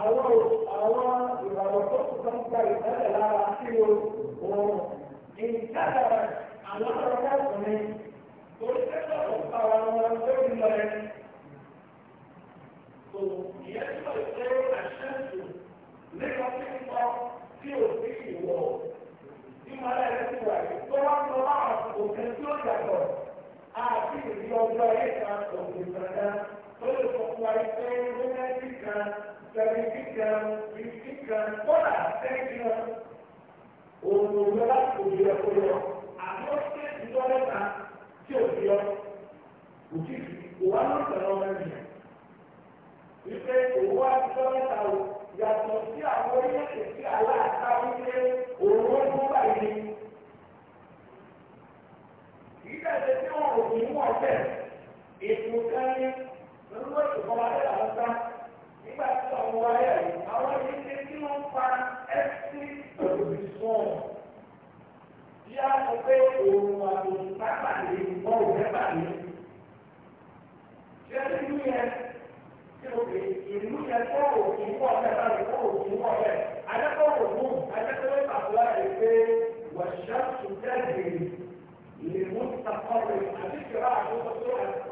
àwọn àwọn ìràwọ̀ tó kù tó ń gba ìtẹ́lẹ̀ lára sí oòrùn ìtẹ́lẹ̀ àwọn ọ̀rọ̀ ọkùnrin torí tẹ́lẹ̀ ọ̀pá wa wọn lórí lọ rẹ̀. Kò ìyẹn tí wọ́n ṣe àṣẹ́sù nípa pípọ̀ tí ò sí ìwọ̀ ìmọ̀lẹ̀ rẹ̀ ti wà ní tó wá lọ láwọn òkè tí ó yàtọ̀ àti ìdí ọjọ́ ayé kan òkè kankan tó lè sọ fún wa pé ó mẹ́rin kan seventy gan fifty gan kọ́là ten gan òòrùn lọ láti òbí ẹ̀ kó lọ àmọ́ ṣé ìjọ́lẹ̀ ta tí ò fi ọ òjì òwá ló ń tẹ̀lé ọmọ ènìyàn wípé òwá ìjọ́lẹ̀ ta o yàtọ̀ sí àwọn orílẹ̀-èdè tí aláàtà wípé òòrùn ó tó báyìí ìdájọ́ tí wọ́n ò ní wọ́n bẹ̀ ètò kan ní lọ́wọ́ ìfọwọ́lẹ́ àwọn sáà nígbà tí àwọn ayé yìí àwọn ilé tí wọ́n fa ẹ́sì pẹ̀lú ìsọ̀n bí a sọ pé òun àtòkù pápálẹ̀ ìbọn òjẹ́pàlẹ̀ ṣé nínú yẹn tí o pè ìlú yẹn tó òkú wọ̀ bẹ́ẹ̀ bá lè kó òkú wọ̀ bẹ́ẹ̀ adẹ́kọ̀ òkú adẹ́kọ̀ ló pàtó láti pé wàṣẹ́ tún tẹ́lẹ̀ lè mú ìtàkọ́rẹ̀ àti ìṣẹ́ra àti ìṣẹ́ra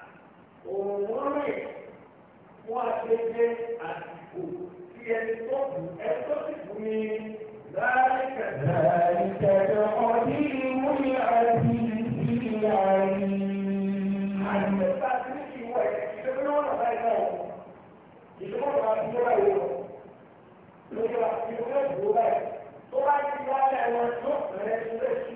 òun fún akéde àsìkò tí ẹni tó bù ẹni sì bù ní láàrínkà. láàrínkà tó kọ́ sí ìmú ní àti ìdí àárín. àìsèta ti ní kí ẹ̀ ìṣẹ́gun náà wọ́n náà náà ìṣẹ́gun náà wọ́n ti múra yìí lórí wa ìṣẹ́gun náà bù báyìí tó bá ti wá lẹ́wọ̀n tó rẹ̀ lé sí.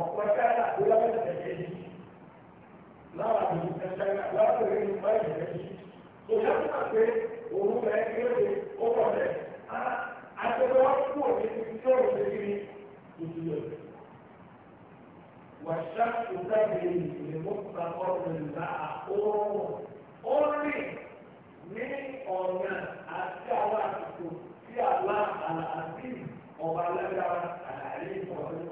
ọ̀pọ̀ ṣáyà tó lábẹ́ tẹ̀lé yìí lára mi ní ṣáyà lára mi ní báyìí rẹ̀ yìí kò sọ́kùn náà pé òun bẹ̀ kéde ó wọ̀ rẹ̀ àtẹ̀wé wọn kú òní ti tó òun lè rí ìdílé. Wàṣà ìdájọ́ ìlú mọ́tà àlàyé ìfọ̀rọ̀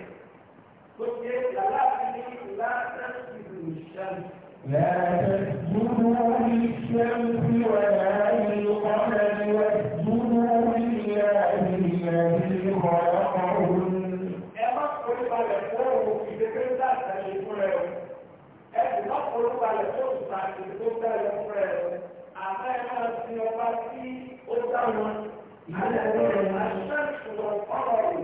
tó ṣe làlábí ní látàkì ìṣẹ́lẹ̀. لا تسجدوا للشمس ولا للقمر واسجدوا لله الذي خلقهن ẹ má forí balẹ̀ fún òun ìdẹ́gbẹ́ dáadáa lè fún rẹ o ẹ sì má forí balẹ̀ fún òòtà ìdẹ́gbẹ́ dáadáa fún rẹ o àmọ́ ẹ máa fi ọba tí ó dá wọn àlẹ́ rẹ̀ àṣẹ ìṣòro ọ̀rọ̀ rẹ̀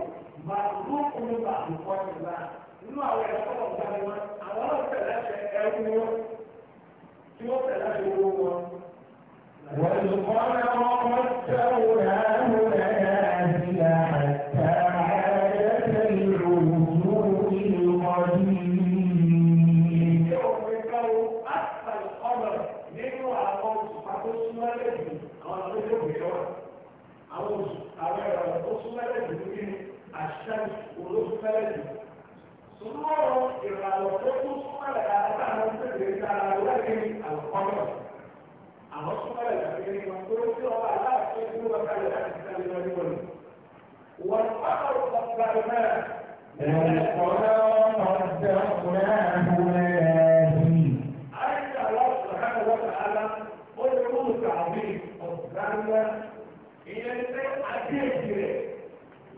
màlúù kùnú bàbá ìfọ́nìlá. inú àwọn ẹ̀rọ tó wọ́n gbani wọn àwọn náà tẹ̀ láṣẹ ẹrú wọn tí wọ́n tẹ̀ láṣẹ owó wọn. wọ́n ti kọ́ won náà wọ́n kọ́ ọ́ Semua kalau fokus pada kata-kata mungkin dari cara lagi al-Qadar. Apa semua lagi ini mengkulit Allah Allah itu bakal ada kita lima ribu. Wal fakar fakkarna dan orang fadarnahu lahi. Ayat Allah Subhanahu wa Taala oleh kami orang ini ada adik dia.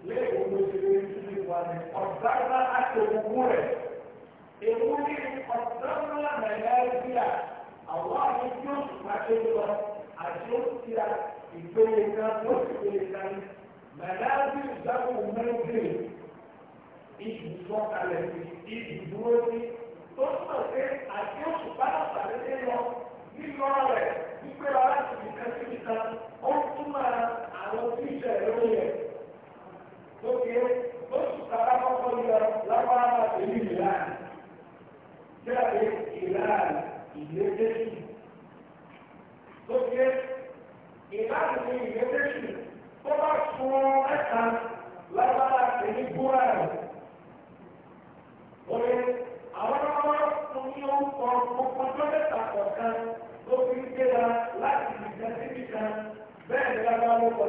Lepas itu observa a que ocurre. E une observa la energía. Allah es Dios, la que lo asocia y peregrina, no se peregrina. Manazi ìdáhùn mẹ́rin ìdùsọ̀kalẹ̀ ìdùdúró sí tó túmọ̀ sí àti oṣù pàtàkì nínú nínú rẹ̀ wípé ọ̀rá ti nìkan sí nìkan ó túmọ̀ àwọn tíṣẹ̀ lórí rẹ̀ lókè lóṣù tàbá kọ́kọ́ yọ lápára èyí ìlànà jáde ìlànà ìlẹ́tẹ̀sù tó jẹ́ ìlànà ní ìlẹ́tẹ̀sù tó bá sun ẹ̀ka lápára èyí búra rẹ̀. Oye, àwọn ọmọ tó ní orúkọ gbogbo tó mẹ́ta kọ̀ọ̀kan tó fi ń gbéra láti ìgbà síbi tó gbajúmọ̀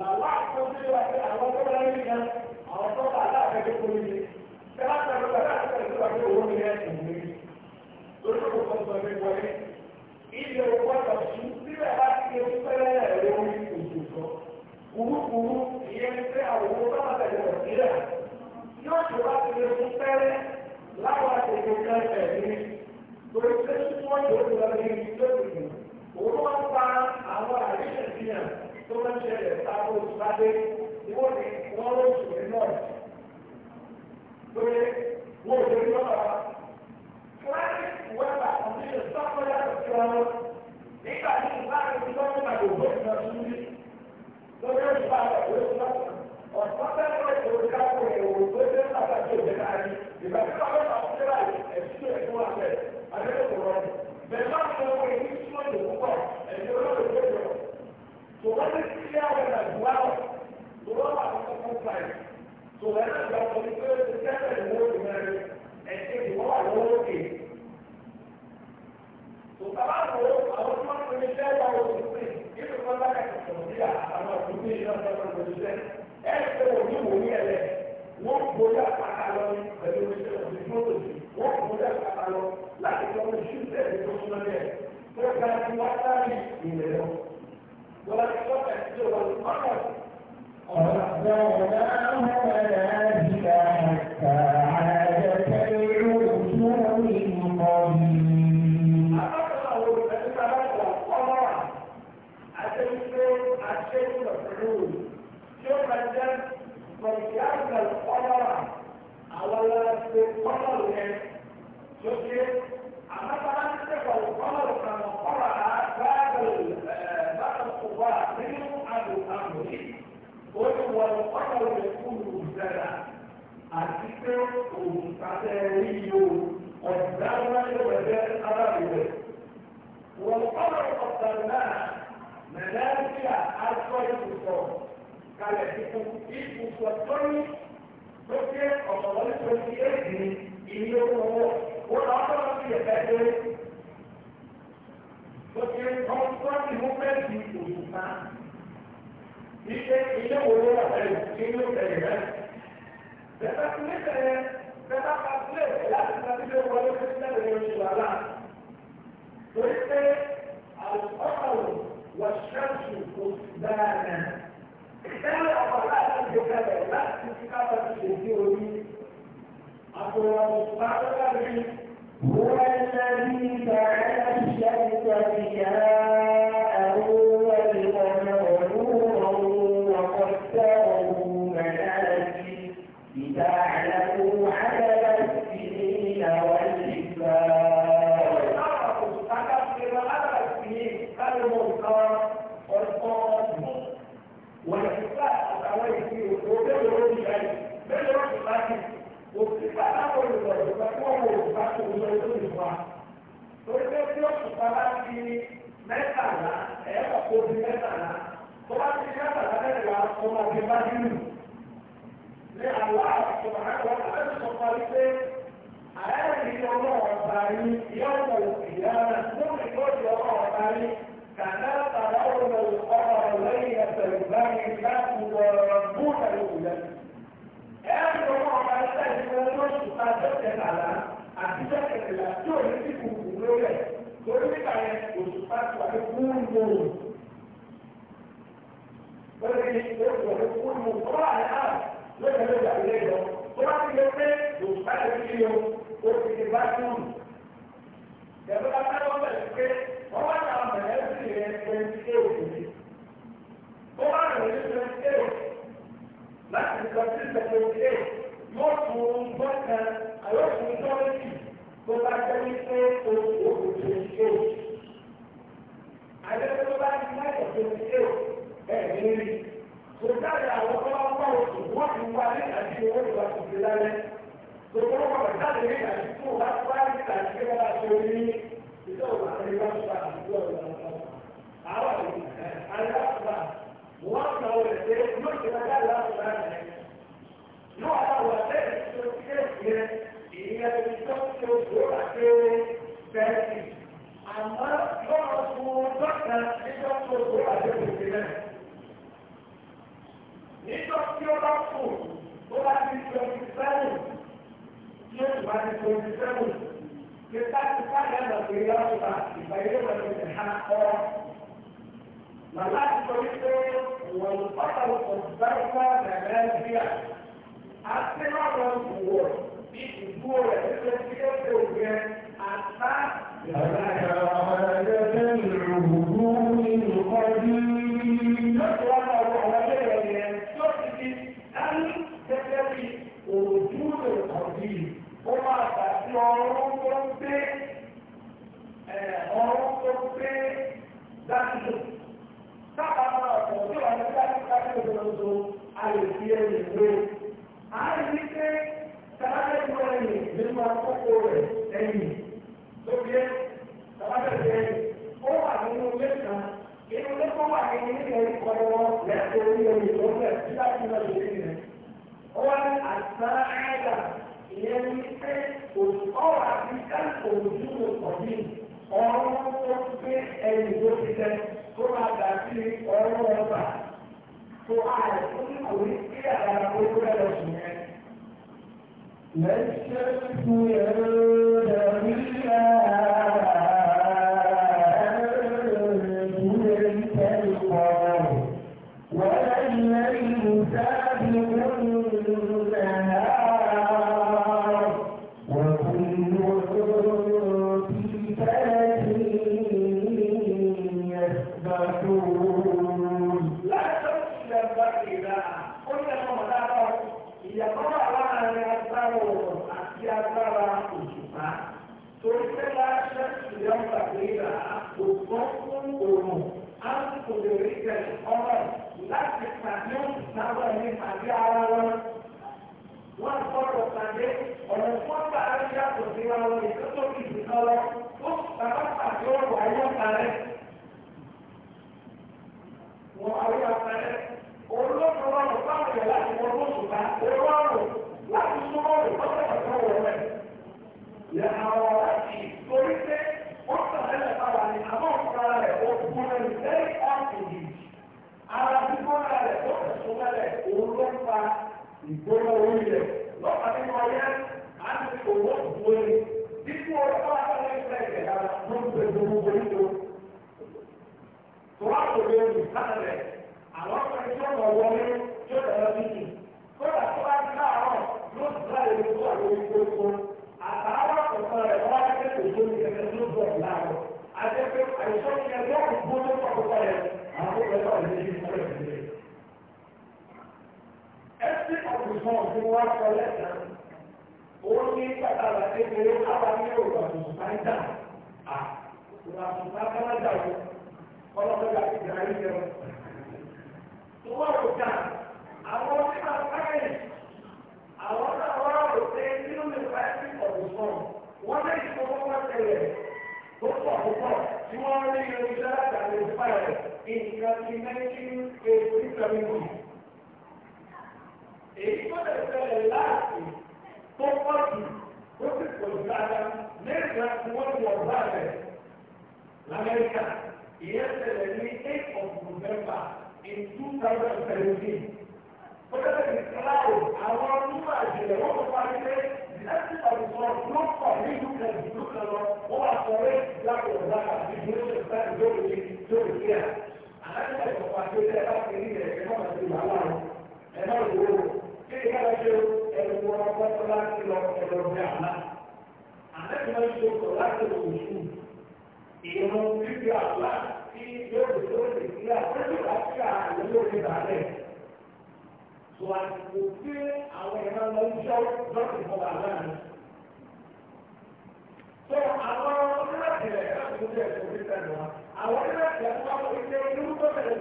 làwọn àkọsílẹ̀ wa pé àwọn tó bá rí kan àwọn tó bá aláàbẹ̀dẹ̀ kò ní. ṣé wàá tẹ̀lé pẹ̀lú àtẹ̀lé wa pé owó ni ẹ̀ ń gbé. lórí kò kọ́ sọ pé wọlé ilé owó ọ̀dọ̀ sùn síbẹ̀ bá ti ṣe pẹ́lẹ́ ẹ̀rọ orí òṣùṣọ́. kùrúkùrú ìyẹn pé àwọn owó bá wà tẹ̀lé wọ̀ sílẹ̀. yóò ṣe bá dé ni wọ́n ló sùn ní náà pé wọ́n ò lè ọ̀rọ̀ wa. Climate weather conditions sáfẹ́ yàtọ̀ sí ọmọ nígbà tí ìgbà tí wọ́n ń gbàgbọ́ ìgbà tí wọ́n ń rí lórí ìgbà rẹ̀ lórí ìgbà ọ̀sán bẹ́ẹ̀ lọ́wọ́ ìṣòro káàkiri ìwòrò tó ṣe ń bàtà tó ṣe káàkiri ìgbà tí wọ́n bá wọ́n bá wọ́n ṣe ẹ̀sùn tòwẹ́rẹ́ àti ọkọ̀ ní pé sẹ́fẹ̀ ni wọ́n ti mẹ́rin ẹ̀ṣẹ́ ìwọ́n wà lọ́wọ́ òkè. tòkábà wo àwọn tí wọ́n ti fi ṣẹ́ wà lọ́wọ́ òkè nínú kọ́ńtà kàtà sọ̀rọ̀ sí àwọn ọ̀dùnkún yìí náà sọ̀rọ̀ lọ́wọ́ ṣẹ́ ẹ̀ ṣe wò ní wò ní ẹ̀lẹ́ wọ́n gbóyè àpáta lọ pẹ̀lú oníṣẹ́ òṣèlú mọ́tò sí wọ́n gbóyè àpáta lọ láti lọ mú ṣúṣẹ́ ìlú tó súnmọ́ ní ẹ̀ tó ti wá sáré ìrẹ̀lọ́. wọ́n ربنا فلا إله حتى pé òun tàbẹ́ rí yóò ọ̀dá wáyé wẹ̀lẹ́ alábìwẹ̀. Wọ́n kọ́lọ̀ ọ̀sán náà mẹ̀lẹ́síà aṣọ ìbùsọ̀ kalẹ̀ tuntun ìbùsọ̀ tó ní tó jẹ́ ọ̀pọ̀lọpọ̀ ní twenty eight ní ilé owó wọ́n lọ bá wọn fi ẹ̀fẹ́ dé. Tó jẹ́ kọ́ńtọ́ọ̀tì múfẹ́ẹ̀tì òṣùpá. Ilé ilé wo ló wà lẹ́yìn ilé òṣèlú rẹ̀? القمر والشمس قطبانا كان أبراهيم بكذا لا تتكاثر في الدين أقول مصطفى هو الذي جعل الشمس fún ọdún wá sọ lẹ́sàn-án ó ní pàtàkì kékeré ábàámi yóò wà ní ṣùgbọ́n à ìwà ṣùgbọ́n kánádà wo ọlọ́dọ́gba ti gbà yín jẹun. tó wà ló kà àwọn nípa fáyì àwọn náà wà ló pé nínú mi fà ẹ́ sí ọ̀dùn sọ̀rọ̀ wọ́n lè ṣe owó wọn tẹ̀lé tó pọ̀ púpọ̀ tí wọ́n rí irinṣẹ́ láti àlejò báyìí nǹkan ti nineteen eighty seven èyí tó lè fẹ́rẹ̀ láti tó pọ̀ jù ó sì pọ̀ jù lára mẹ́ta tí wọ́n ti ọ̀gá rẹ̀ lamẹ́ríkà ìyẹn ṣẹlẹ̀ ní eight of november in two thousand seventeen ó lọ́dọ̀ ní kíláàdì àwọn onímọ̀ àjẹlẹ̀ wọ́n tó parí pé ìdásí ọ̀dùnkọ̀ ló pọ̀ nínú kẹ̀sì ló kẹ̀ lọ ó wà sọ pé láti ọ̀gá àti ìdúró ṣe fẹ́ lórí lórí kíá àlàyé ìjọba àti ìjọba àti ìjọba àti ìjọba àti ìjọba àti ìjọba ṣé ìyá rẹ̀ ṣe ẹ̀rù wọn ọgbọ́n láti lọ ẹ̀rọ bí àná. Àlẹ́bí wọn ṣe kọ̀ láti lọ òṣù. Ìrún fífi àgbà tí yóò lè tó lè fi àtẹ́lẹ̀ láti àlẹ́ yóò lè bàálẹ̀. Sọ àsìkò tí àwọn ìran lọ ń ṣọ́ lọ́sì fọba láàrin. Sọ àwọn onílàkẹ̀rẹ̀ láti mú ẹ̀ tó fi sẹ́nu wa. Àwọn onílàkẹ̀rẹ̀ tó wà wọ́n ṣe irú tó bẹ̀rẹ̀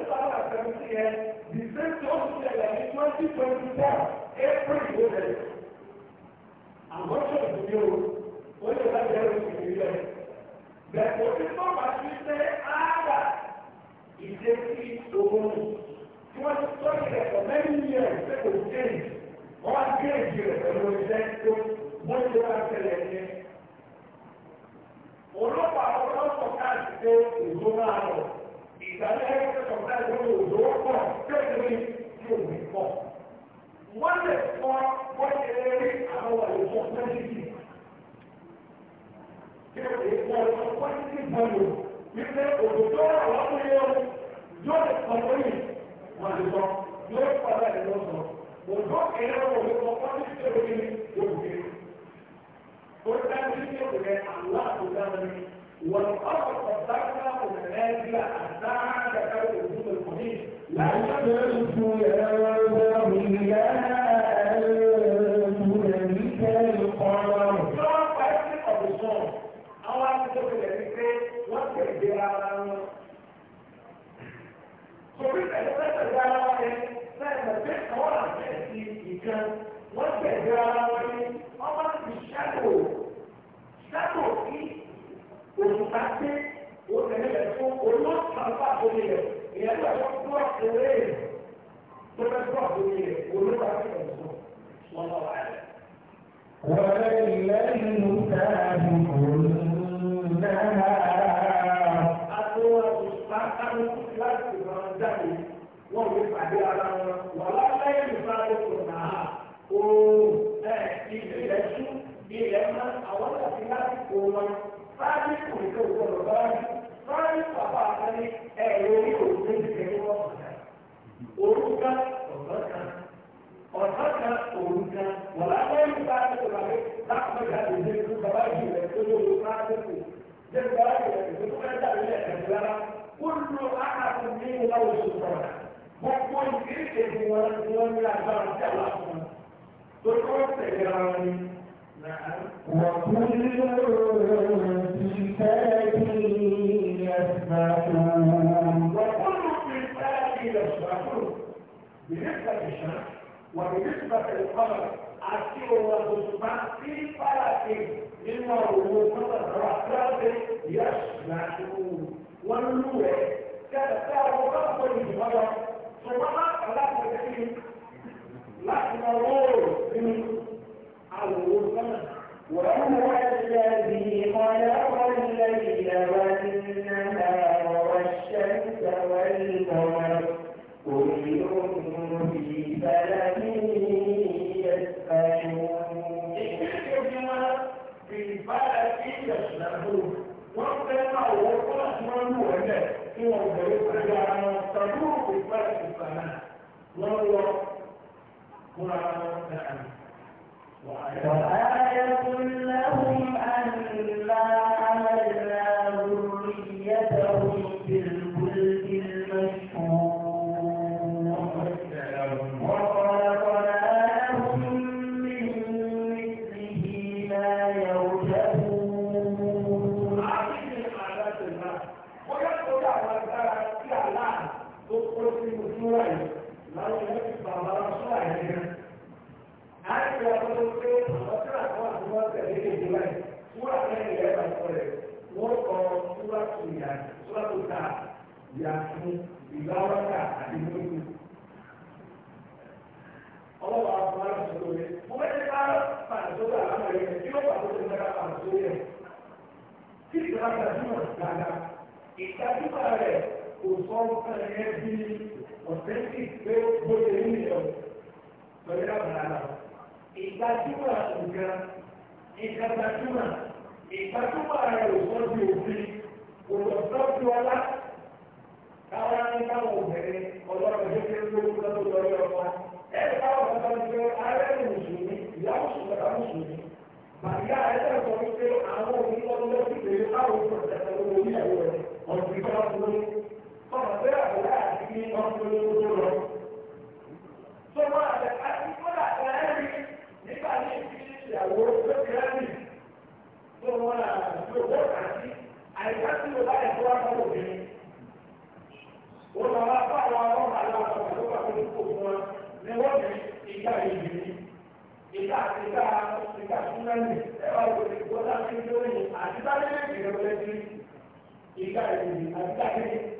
every moment. And what should we do? What should I do with you? Therefore, this one must be said, ah, is a key to woman. She was studying it for many years, they could change. One change here, they would say, so, what should I tell you? Ọlọ́pàá ọlọ́pàá káàkiri pé òjò máa rọ̀. Ìgbàlẹ́ ẹgbẹ́ sọ̀tà ìwé òjò wọ́n lè kọ́ wọ́n lè rí àwọn àlejò méjì. Kí ló dé kọ́ ọ̀sán wọ́n ti ti bọ̀ lò wípé òdòdó àwọn ọmọ yẹn o yóò lè kọ́ lóyè wọ́n lè sọ yóò padà lè lọ sọ. Òdò ẹ̀rọ òwe kan wọ́n ti ṣe òkè ní òkè. Ó dájú sí òkè àlá àtúndà mi. والأرض قدرنا من هذه أعداد كانوا يقولون لا يدرسوا يا compartir o revelação, o nosso trabalho de Deus. E é a nossa lei, sobre a nossa lei, o meu trabalho de Deus. ولله المساعد كلها wọ́n fi pàdé ara wọn wọ́n lọ́lá ìlú sáré kò náà o ẹ̀ ilé ẹ̀ tú ilé ẹ̀ máa àwọn ọ̀sìn láti kó wọn. báyìí kò ní kó gbọdọ̀ báyìí báyìí bàbá àtàlẹ́ ẹ̀rọ orí òun ló ti tẹ̀lé wọn kọ̀ọ̀dà orúkọ ọ̀dọ́ kan ọ̀dọ́ kan orúkọ wọ́n lábẹ́ nípa àtẹ̀kọ̀ làbẹ́ lápẹ́jà lè dé tó bàbá yìí rẹ̀ tó ló ló máa dẹ́kọ̀ dé bàbá yìí rẹ̀ tó tó fẹ́ dàbí lẹ̀ ẹ̀kọ́ rárá ó lo àkàtú ní ìlà oṣù sọ̀rọ̀ gbogbo ìkéde ní agbára tí بالنسبة للشمس وبالنسبة للقمر عكسه والسلطان في فلك انه هو قدر رحلاته يسمعون والنور كتاب رب الجبل سبحان الله الكريم لكن النور من الغرفة وهو الذي خلق الليل والنهار والشمس والقمر بكلام يسمعون إنهما بالبلد يشربون وانتما وقلت من هو ذلك إنه بريد على تدور بالبلد السماء وهو قرآن وآية ọ̀sán yẹn bí ọ̀sẹ̀ sì pé bóyá ní ìlọ lórí àbàlá lọ. ìgbàjúmọ̀ nǹkan ìgbàjúmọ̀ ìgbàjúmọ̀ rẹ̀ ò sọ bí òfin kò lọ sọ bí ọlá káwọn ní káwọn obìnrin ọlọ́run tó kéré lórí lọ́dún lórí ọkọ. ẹ̀rọ káwọn bàbá ń gbé arẹ́rìn mùsùlùmí ìyá mùsùlùmí bàbá mùsùlùmí. bàbá ẹ̀rọ sọ wípé àwọn òbí lọ́dún lọ́dún lórí káwọn ọmọ pé àbúrò àti ní ọkùnrin ló lọ. Sọ́kọ́ àbẹ̀ àti kọ́lá àti ẹ̀rí nígbà ní ìdílé ìyàwó tó ti rẹ́rì. Tó wọn là lówó àti àìsàn tí o bá yẹ kó wá fún obìnrin. Wọ́n lọ wá fún àwọn ọmọ àwọn ọmọ tó wà fún ìkó fún wọn ní wọ́n ní ìgbà ìbìrì. Ìgbà àti ìgbà ìgbà súnmẹ́lì ẹ̀rọ òkè ìgbọ́dá sí lórí àti bá lé ìgbà ìbìrì àti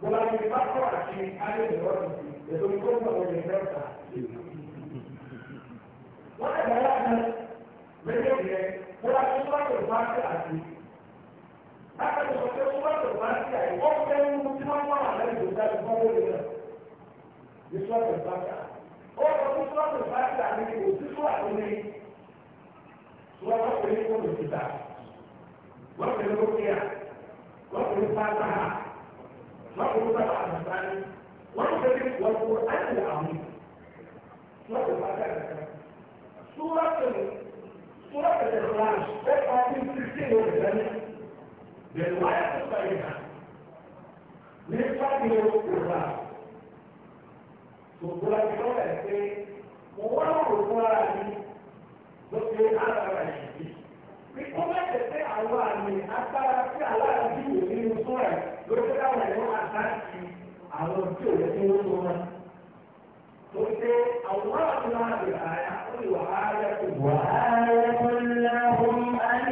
Della manifattura che hanno i giorni, e sono contro con le realtà. Guarda che l'anno, vedete, quella che sono le parti anche, anche se sono le parti anche, o che è un ultimo anno, lei può dare un po' di tempo. Di solito le parti anche. O che sono le parti anche, o che sono le parti anche, sulla nostra università. Guarda che lo che ha, guarda che fa la مرة سبعة مثلا مرة كتير والقرآن العظيم مرة سبعة سورة سورة الإخلاص تقع في سلسلة وزنة بالرواية الصحيحة لفضل القرآن Gbogbo ẹgbẹ́ rẹ̀ pé mo wá rò fúnra mi lókè alára ìdí. Bí kò bẹ́ẹ̀ tẹ̀ pé àwọn àmì agbára sí alára bí òní ń fún ẹ̀ lórí pé káwọn ẹ̀rọ máa bá ti àwọn tí ò yẹ kí wọ́n tó wọn. lórí pé àwọn ọ̀rọ̀ tó máa bèrè àyà ó lè wà á yẹ kó. wà á yẹ kó láhùn àìnà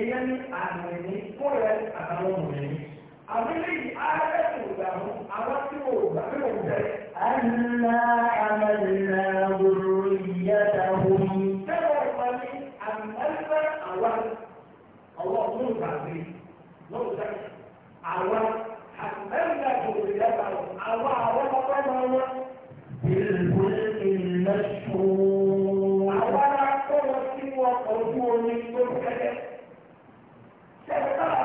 ìyẹn ní àmìní kóra àtàwọn mọ̀lẹ́ni. àbílẹ̀ yìí ààrẹ kò dààmú àwọn tí ò gbà pé òun bẹ̀rẹ̀. àná àmàlìlà gbòòrò ìyá dàhùn. sẹ́wọ̀n ìpa ní àmàlìlà àwa ọwọ́ ọdún ìgbàgbé lọ́wọ́ sẹ́yìn àwa àmàlìlà gbòòrò ìyá dàhùn àwa àwọn ọmọ ọmọ wọn.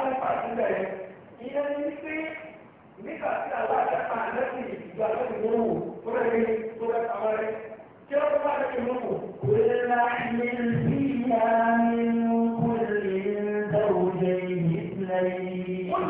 ní pàṣípẹ̀ yẹn ìyẹn ní pé nígbà tí aláàjápa lẹ́sìn ìdìbò alẹ́sìn ló wò tó rẹ̀ ní tó rẹ̀ pamọ́ rẹ̀ tí ó bá lẹ́sìn ló wò. kò lè ra ilé sí ìyá nínú kó lè ń dáwọ́ jẹ ìyẹ́sílẹ̀ yìí. wọ́n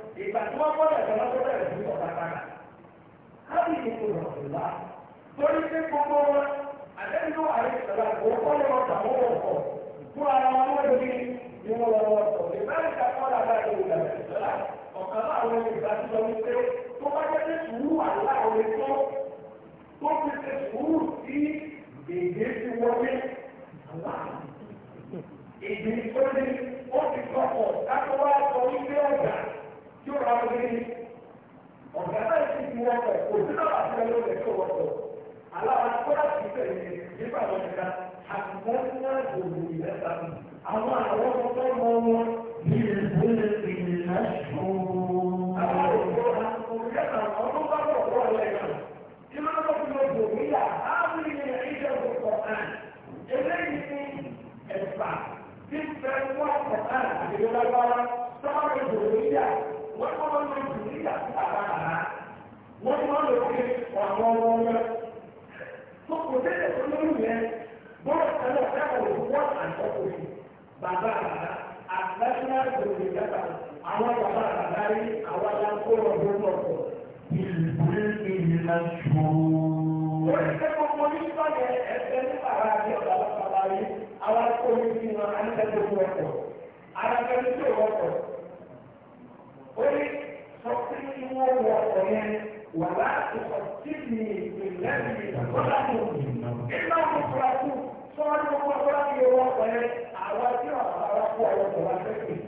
ìgbà tí wọ́n gbọ́dọ̀ ìjọba tó bẹ̀rẹ̀ sí ọ̀gá padà káàdì ìdìbò rọ̀ wá torí pé gbogbo wọn àdéhùn àrẹ ìjọba kò kọ́ lọ́wọ́ tàwọn ọkọ̀ fún ara wọn wọ́n lórí ni wọ́n lọ́wọ́ ọkọ̀ ìbáraẹ̀ ká kọ́ lábá ìlú ìjọba ọ̀kan láwọn ìgbà tó lọ wípé tó bá jẹ́ pé sùúrù aláwọ̀ tó tó fi ṣe sùúrù sí èdè ti wọlé aláwọ̀ èdè tó ní ó ti kọ́kọ̀ ká tó wá sọ wípé ọ̀gá yóò rà wọ́n ní ọ̀gá náà ti fi wọ́n pẹ̀ òbí náà àti ẹ̀rọ rẹ̀ tó wọ́n pọ̀ aláwa kọ́lá ti tẹ̀lé nípa àwọn ìka àtìmọ́ náà gbòòrò ìlẹ́ta àwọn àwọn ọmọ ọmọ wọn ní ìlú ìlú àwọn òṣèlú àkókò ọdún bá bọ̀ wọ́n lẹ́yìn kí ló lọ́ fi lọ bò mí yà á rí ní ìjọ kọ̀ọ̀ àn eléyìí ní ẹ̀fà tí fẹ́ wọ́n kọ̀ọ̀ àn àti ìjọba bá wá sọ́ọ́ wọ́n ti wọ́n lè tún ní ìyá sí bàbá àná wọ́n ti wọ́n lè fi ọ̀nà ọmọ wọn tó kò tẹ́lẹ̀ tó lórí yẹn bọ́ọ̀lù tẹ́lẹ̀ tẹ́lẹ̀ òkú wọ́n àjọpọ̀ yìí bàbá àná àgbàdúrà gbòòrò ìjọba àwọn bàbá àná rí àwọn aláǹkó ọ̀dọ́ lọ́pọ̀ ìlú ìlú náà ṣòro. wọ́n ti tẹ́ gbogbo nípa yẹn ẹ̀fẹ́ nípa ara rẹ̀ ọ̀dà lọ́pàá wáyé àwọn akóyè sí wọn àti ẹgbẹ́ tó wọ́pọ̀ ó ní sọ pé kí wọ́n wọ ọ̀pọ̀ yẹn wà láti sọ sí ní ìpínlẹ̀ ìgbàlódà tó iná mú fura kú sọ́wọ́n tó kọ́ fúra kí wọ́n wọ ọ̀pọ̀ yẹn àwọn tí wọ́n fara kú ọ̀pọ̀ wọn fẹ́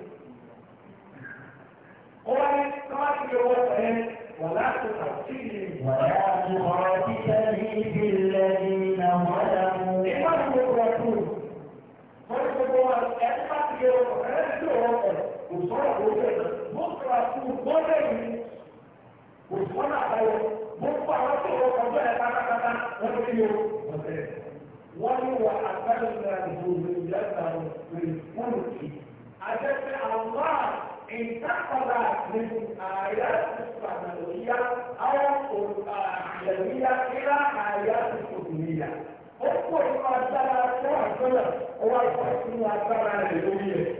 ọwọ́ àìsàn agbára rẹ̀ lórí rẹ̀.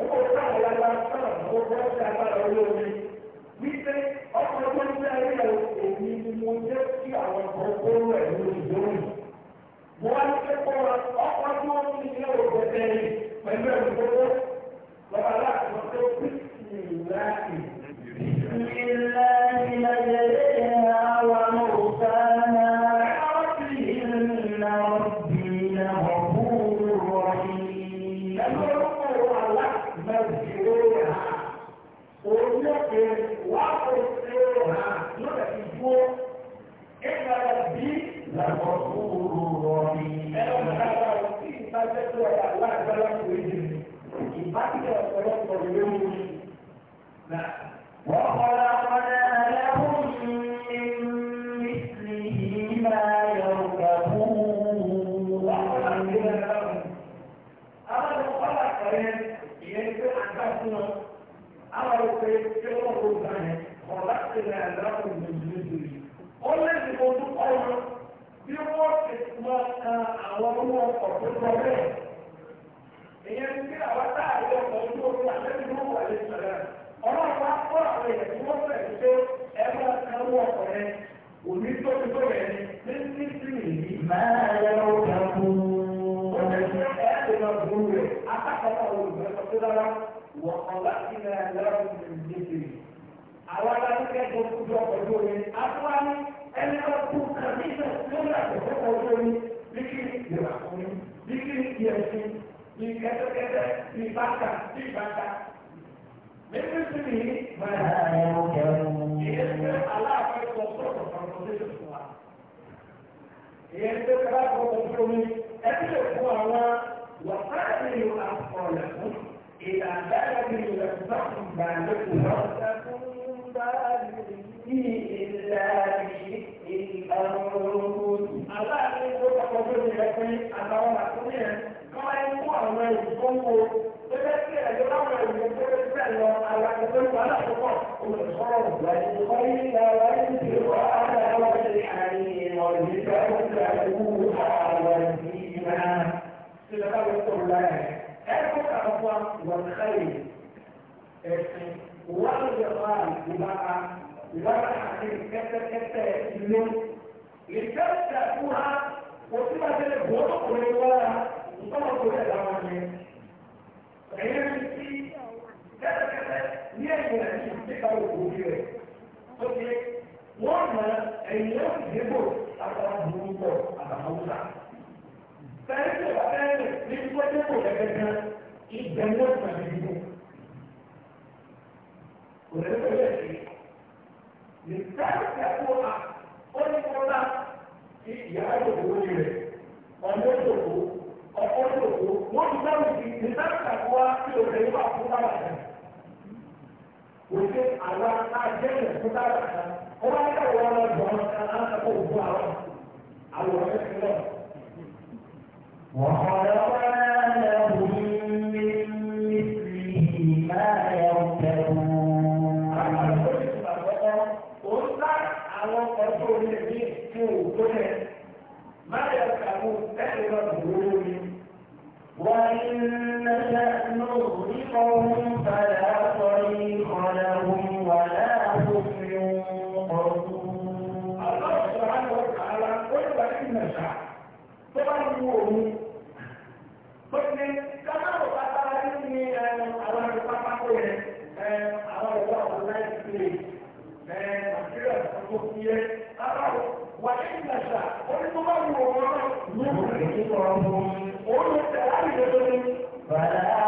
Ẹgbẹ́ òṣìṣẹ́ àwọn alágbára sọ̀rọ̀ mọ́ bọ́ sí agbára olómi. Wípé ọkọ̀ tó ń gbé ayé rẹ̀ èmi ni mo jẹ́ kí àwọn kan kó rẹ̀ lórí lórí. Mo wá ní pé kó wa ọkọ̀ tó ń fi ilé òkè tẹ̀lé pẹ̀lú ẹ̀rù gbogbo. Bàbá aláàtúntò pèsè ìlà ìlú. Ìlà ìlà ìlà pọ̀ ẹ̀ aláàgbára kò ní ìbátìkẹ̀ ọ̀pọ̀lọpọ̀ lórí náà. wọ́n kọ́ra kọ́ra aláwọ̀ Àwọn òṣèré tí ó wọ́n kó gbà yẹn, kọ́ wọn bí wọ́n ti mọ kan àwọn owó ọkọ̀ tó lọ bẹ́ẹ̀ ìyẹn ti àwọn táàrí ọkọ̀ ojú omi àtẹ́bí ló wà lè sọ̀rọ̀ ọlọ́run wá kó àwọn èèyàn tí wọ́n fẹ̀ sí pé ẹ máa kan wọ ọkọ̀ yẹn òní tó ti tó yẹn ní ní sí nìyí. máa yẹ ló ga fún un. ó ní kẹ́tẹ́kẹ́tẹ́ ní bàtà ní bàtà. Méjèèjì ni máa yẹ kẹ́ ìyẹn pé aláàfẹ́ sọ sọ̀rọ̀ sọ̀rọ̀ sí ìfún wa. Ìyẹn pé aláàfẹ́ sọ fún mi, ẹbí lè fún àwọn wàhálà ní àkọọ̀lẹ̀ fún ìlànà ní ìlànà ìgbà lẹ́kùn náà. Ní ìlànà ìlànà ọ̀rọ̀ ọ̀rọ̀ aláàfẹ́ sọ fún mi ẹgbẹ́ àtàwọn àkọ́lẹ̀ yẹn. يكونوا تذكر الأمر المنتبه منه على أنه على حقوق والحرم والخيل والفرقان والحميم والذكر كالوحى والديما صدق رسول الله أعرف الأخوة والخيل والجران بمرأة بمرأة حقيقة كتا كتا يسلم لكتا تكونها وتبقى تلك بوضع قريبا tọ́wọ́ tó rẹ̀ láwọn ni ẹ̀yẹ́ ti ti kẹ́tẹ́kẹ́tẹ́ ní ti ti ká òkú bí ọ̀pọ̀ tó kó wọ́n ti dáhùn sí nígbàgbà tó wá sí òkè nípa fún bàbá rẹ̀. Òṣè àwọn ajẹ́rẹ̀ fún bàbá rẹ̀. Wọ́n wá dá wọn lọ bọ̀ ọ́n ká láti kó òkú àwọn àwòrán ẹ̀sìn náà. Wọ́n kọ́ Máyọ̀ kàmú ẹ̀rọ ìwúrí وإن نشأ نغرقهم فلا طريق لهم ولا هم ينقذون الله سبحانه وتعالى قل وإن نشأ طبعا هو هو kò fi ẹ ara rẹ̀ wà ní ìgbàṣà onígbọ́gbà wù ọ̀rọ̀ náà ní ìgbàṣà ọ̀rọ̀ òun ló tẹ̀ láti lè lórí. bàdà á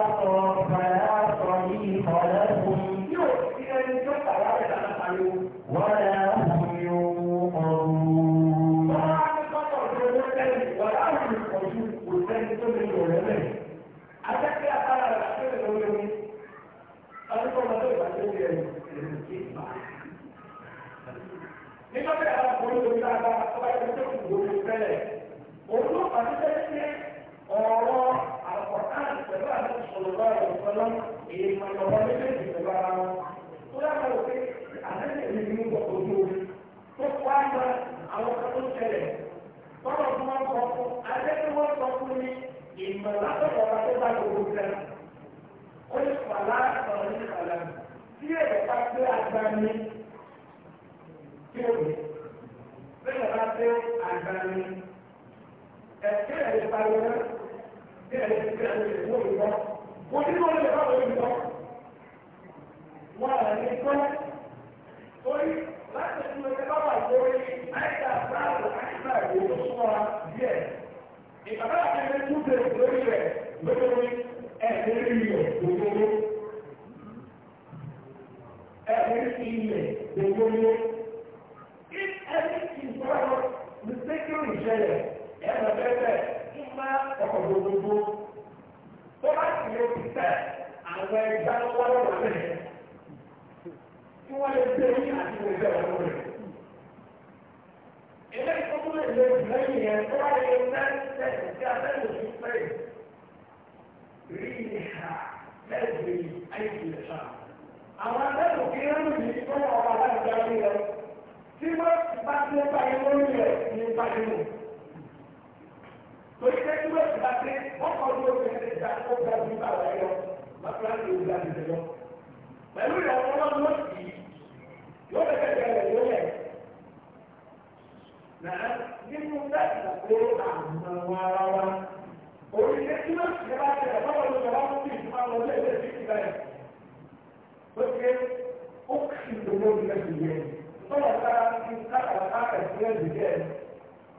olóògbé ẹ̀sìn yẹn sọ̀rọ̀ sára ní kátàkátà ẹ̀sìn ẹ̀sìn yẹn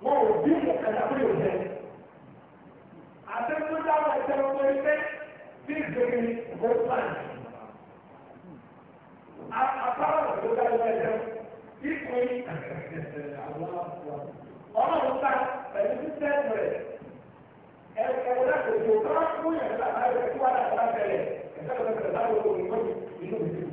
wọn ò bí ẹ̀ka pé ò jẹ. àtẹnudá wọn ẹ̀sẹ̀ wọn wọlé pé bí ìgbèrè kò plan. àpárá wọn tó dá lọ ẹ̀sẹ̀ ìpè ọmọ wọn ta pẹ̀lú títẹ̀ rẹ̀ ẹ̀sẹ̀ wọn láti òjò kọ́ fún yàrá àti ẹ̀kú wà láti láti ẹ̀rẹ̀ ẹ̀sẹ̀ wọn láti láti òjò nínú ìdílé.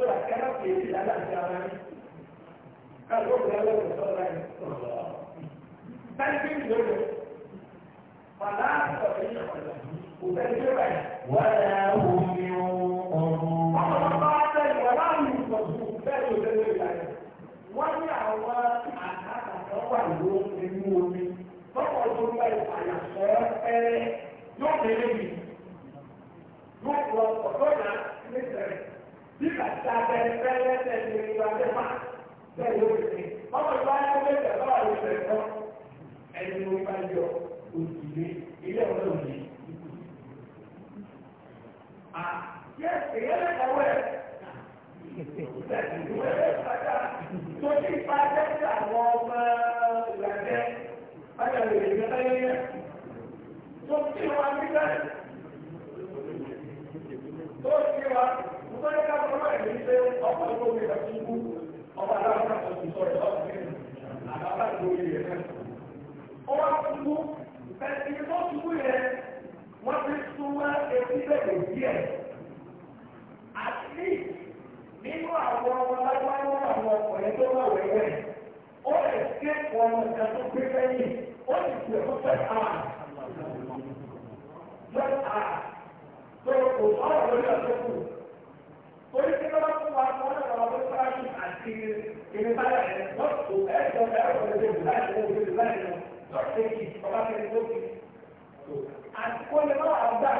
ó yà kí á fi èyí lálẹ́ àti ara ní. káàdì ó bẹ̀rẹ̀ lọ́wọ́ sọ́ọ́ láyé. táyé bí mi lóde màlá àtọ̀rọ̀ yìí kọ̀ọ̀lá kò bẹ́ẹ̀ dé báyìí. wọ́n yà wò mí ọ̀rùn. àwọn ọba àtẹ̀yìn wà láàyè ìtọ́jú bẹ́ẹ̀ ló dé lórí ayé. wọ́n ní àwọn àtàkàtọ̀ wà ló inú omi lọ́pọ̀ tó ń bá ìpàyàsọ́ ẹ̀rẹ́ yóò mẹ́lẹ́ mi yóò lọ ọ̀dọ́ ìyá nísẹ̀rẹ̀ nígbà tí a bẹ fẹ́lẹ́ tẹ̀lé ìlú adẹ́fà bẹ́ẹ̀ ló ti ní ọmọ ìgbà ẹgbẹ́ tẹ̀lé wà ló fẹ́ tọ́ ẹni ló bá yọ òjìlé ilé ọ̀rọ̀ òjì. à yẹ ìyẹn lè kọ̀wé ìwé ìfàdà tó ti fa dẹ́sẹ̀ àwọn ọmọ ìlànà báyọ̀ lè lè lọ́yẹ́ yẹ tó ti wá nígbà tó ti wá nítorí ká lọ rẹ̀ ní pé ọkọ̀ tó gbé ẹ̀kú kú ọba aláwọ̀ náà ti sọ ẹ̀ ọ̀sẹ̀ àbábá ìlú ilé rẹ̀. ó wá túbú ẹni tó túbú yẹn wọ́n ti súnmọ́ etí bẹ̀rẹ̀ díẹ̀ àti nínú àwọn ọmọ lágbára àwọn ọkùnrin tó wà wẹ́wẹ́ ó lè ké ọmọ ìjà tó gbé torí pé bá fún wa fún ọ̀nà ọ̀rọ̀ tó sáájú àti ìrìnsáyà ẹ̀ lọ́sù ẹ̀jọ ẹ̀rọ ìdíje láti owó ìdíje láti lọ lọ́sù èkì ọba tẹ̀lé lókè. àtikó lè má wà gbà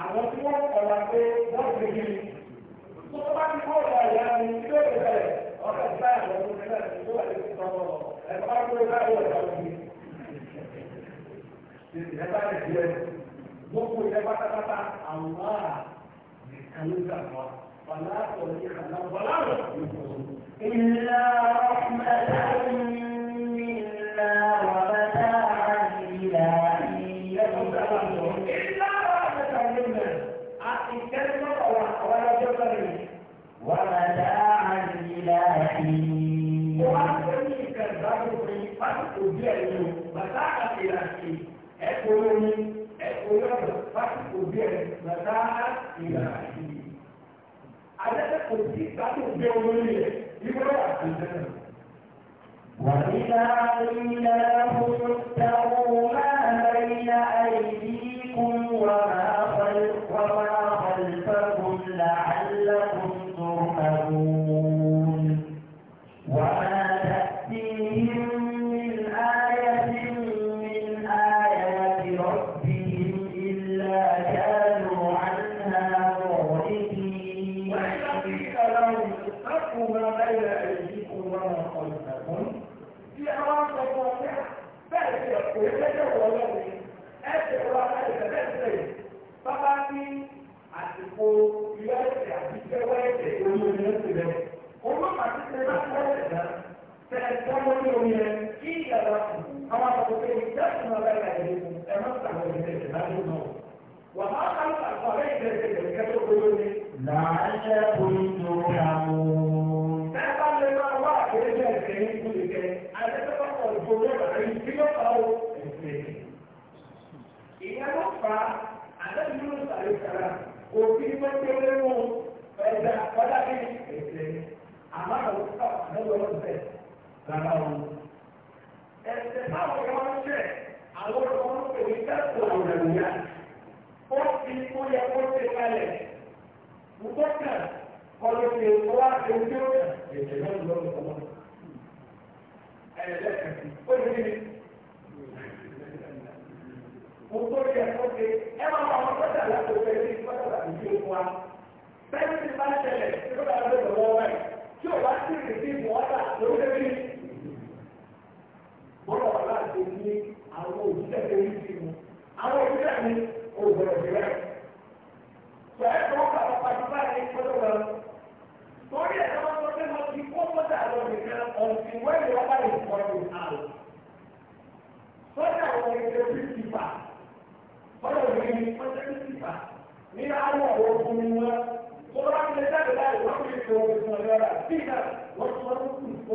àwọn tí wọ́n kọ̀ọ̀la pé wọ́n ti gbé mi. tó bá ti kọ́ ọ̀la ìyá mi tí ó lè bẹ̀rẹ̀ ọ̀rọ̀ ìsáyà lọ́wọ́ nígbà tí ó wà lè fi tọ́wọ́ ẹ̀fọ́ bá gbé báyọ̀ ọ̀la òbí. ìrìnsáyà kan ní gbàgbọ́ wàlá àtọ̀ ní kàlá wàlá rẹ̀ ní kòtò. ìlà ọ̀pẹ̀lẹ̀ ní ìlà wàbẹ̀lẹ̀ ìlà ومتاعا إلى حين وأنتني كذبني فاتقوا بيعني متاعا إلى حين ẹ̀kọ́ lórí ẹ̀kọ́ lọ́dọ̀ fásitì òbí ẹ̀ mẹ́ta ìlànà adẹ́tẹ̀ kò sí ìgbádùn gbé olórí rẹ̀ wíwọ́ àti ìdáná. wàhálà ìlànà ìdáwó máa. Làálẹ́kùn tó kà mú. Ẹgbẹ́ lè máa wá àkérésẹ̀ ìkẹ́ ní ìlú ìkẹ́, àdẹ́sẹ́kọ̀ọ́ ìgbòho ẹ̀rọ ìdílọ́ta ó ẹ̀sẹ̀. Ìyẹn ló fa àdẹ́sẹ́kọ̀ọ́ ìsàlẹ̀kàrà òfin pẹ́pẹ́ lẹ́nu ẹ̀dá padà ní ẹ̀sẹ̀. Àmọ́ àwọn òkúta lọ́wọ́ ọ̀sẹ̀ lára wọn. Ẹ̀sẹ̀ táwọn ọ̀rọ̀ ń ṣẹ̀ àwọn kalẹ̀ púpọ̀ kan kọlọ́sẹ̀ ẹgbẹ́ ọ̀kan ẹ̀jẹ̀ náà lọ́wọ́ ọmọ ẹ̀jẹ̀ kan ó ní ní púpọ̀ kí ẹ̀kọ́ ṣe ẹ máa wọ àwọn pátá láti ọgbẹ́ ní pátá láti fi òkú wa bẹ́ẹ̀ ti bá ṣẹlẹ̀ tí ó bá lọ́wọ́ lọ́wọ́ báyìí tí ò bá sì rìn sí ìmọ̀ọ́ta lórí ẹbí bọ́lá wà láti ní àwọn òṣìṣẹ́ tó ń pẹ̀lú tó ń kàwọ́ pàjùbá ní gbọ́dọ̀ lọ. Torí ẹ̀ lọ́wọ́ sọ pé mo ti kó mọ́tà lọ nìkan ọ̀sìn wẹ́ẹ̀lì ọba lè pọ̀ ní àlọ́. Sọ́jà wọ̀ ní ṣe fi ti fà. Bọ́lá òní ni wọ́n ṣe fi ti fà. Ní àwọn ogun ni wọ́n. Tó bá ń lè jáde láì wọ́n fi ṣe ogun wọn lọ́ra. Bí náà wọ́n ti wọ́n kù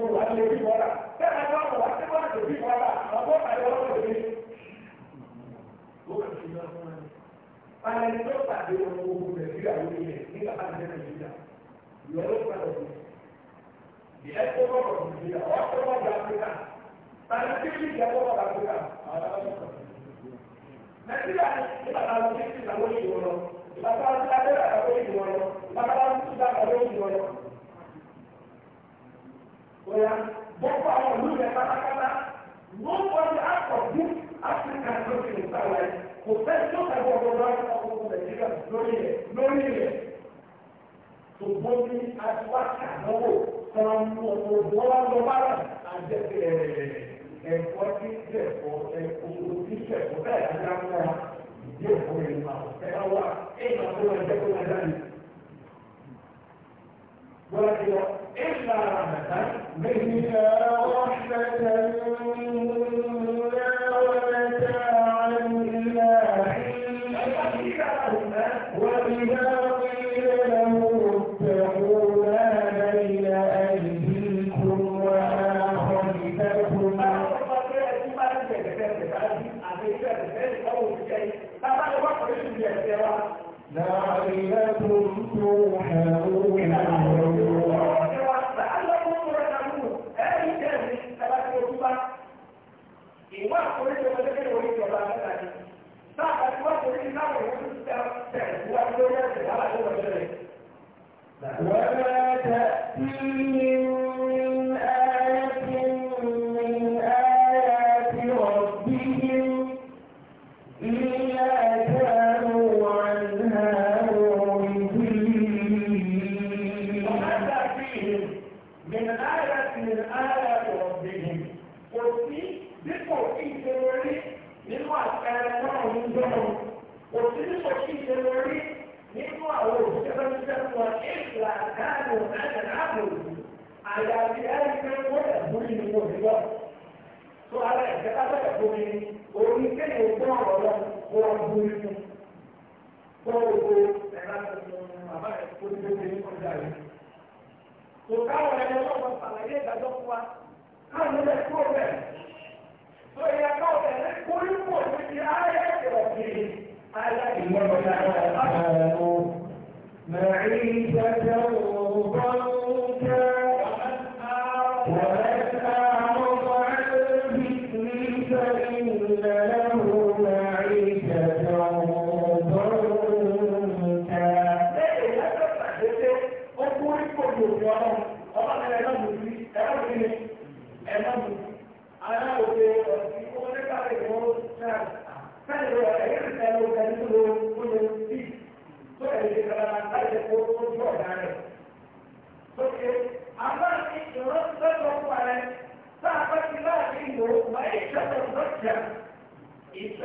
tó wà lè bí wọ́n rà bẹ́ẹ̀ ni wọ́n wà tí wọ́n lè bí wọ́n rà ọgbọ́n àyè wọ́n lè bí. ó kà sí lọ fún mi. ara ẹni tó pàdé ọmọ ogun nàìjíríà ló yẹ nígbà bá jẹ nàìjíríà lọ́wọ́ padà sí. bí ẹ tó bọ̀ nàìjíríà wọ́n tó bọ̀ bọ̀ áfíríkà tàbí tí kì í jẹ́ bọ̀ bọ̀ áfíríkà àwọn aláwọ̀ sọ̀rọ̀. nàìjíríà ní bàbá wọn ti ti ìlàwọ́ ìwọ̀n lọ bàbá wọn ti where Boko Haram ruled the Katakata. Nobody out of this African country in Starlight kò fẹ́ tó ẹ̀wọ̀ ọ̀dọ́dọ́ ọkọ̀ Nàìjíríà lórí rẹ̀ lórí rẹ̀. Ṣùgbọ́n ní aṣíwájú àdánwò kan mú ọmọ bọ́lá lọ́bàrà àjẹsẹ̀ ẹ̀kọ́ tí jẹ̀kọ́ ẹ̀kọ́ tí jẹ̀kọ́ bẹ́ẹ̀ ajá ń wá ìdí ẹ̀kọ́ rẹ̀ mà ẹ̀ka wá ẹ̀ka tó wà ẹ̀jẹ̀ tó wà jáde. Bọ́lá ti lọ, ẹ̀ka àmàdá بها رحمة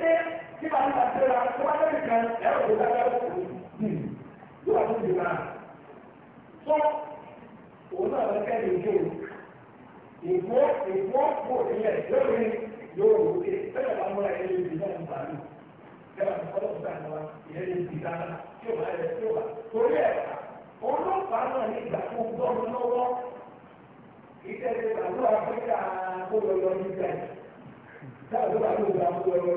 pé kí wàá nípa tí ó ra tó wá lẹ́yìn ẹ̀rọ tó dá lẹ́wọ́ kò ní yóò wá tó di náà. Sọ òun náà lọ kẹ́ ìjọ ìwọ ìwọ kò ilẹ̀ lórí yóò wò ó bẹ́ẹ̀ bá múra ẹ̀yẹ ìdí náà ń bà mí. Bẹ́ẹ̀ bá fọ́lọ́ fún àwọn ìyẹn ìdí náà tí ó bá yẹ tí ó bá torí ẹ̀ ọlọ́pàá náà ní ìgbà tó gbọ́ mi lọ́wọ́ ìtẹ̀lé àlọ́ kó lọ lọ nígbà yìí. Táwọn tó bá lò lọ àmúlọ́lọ́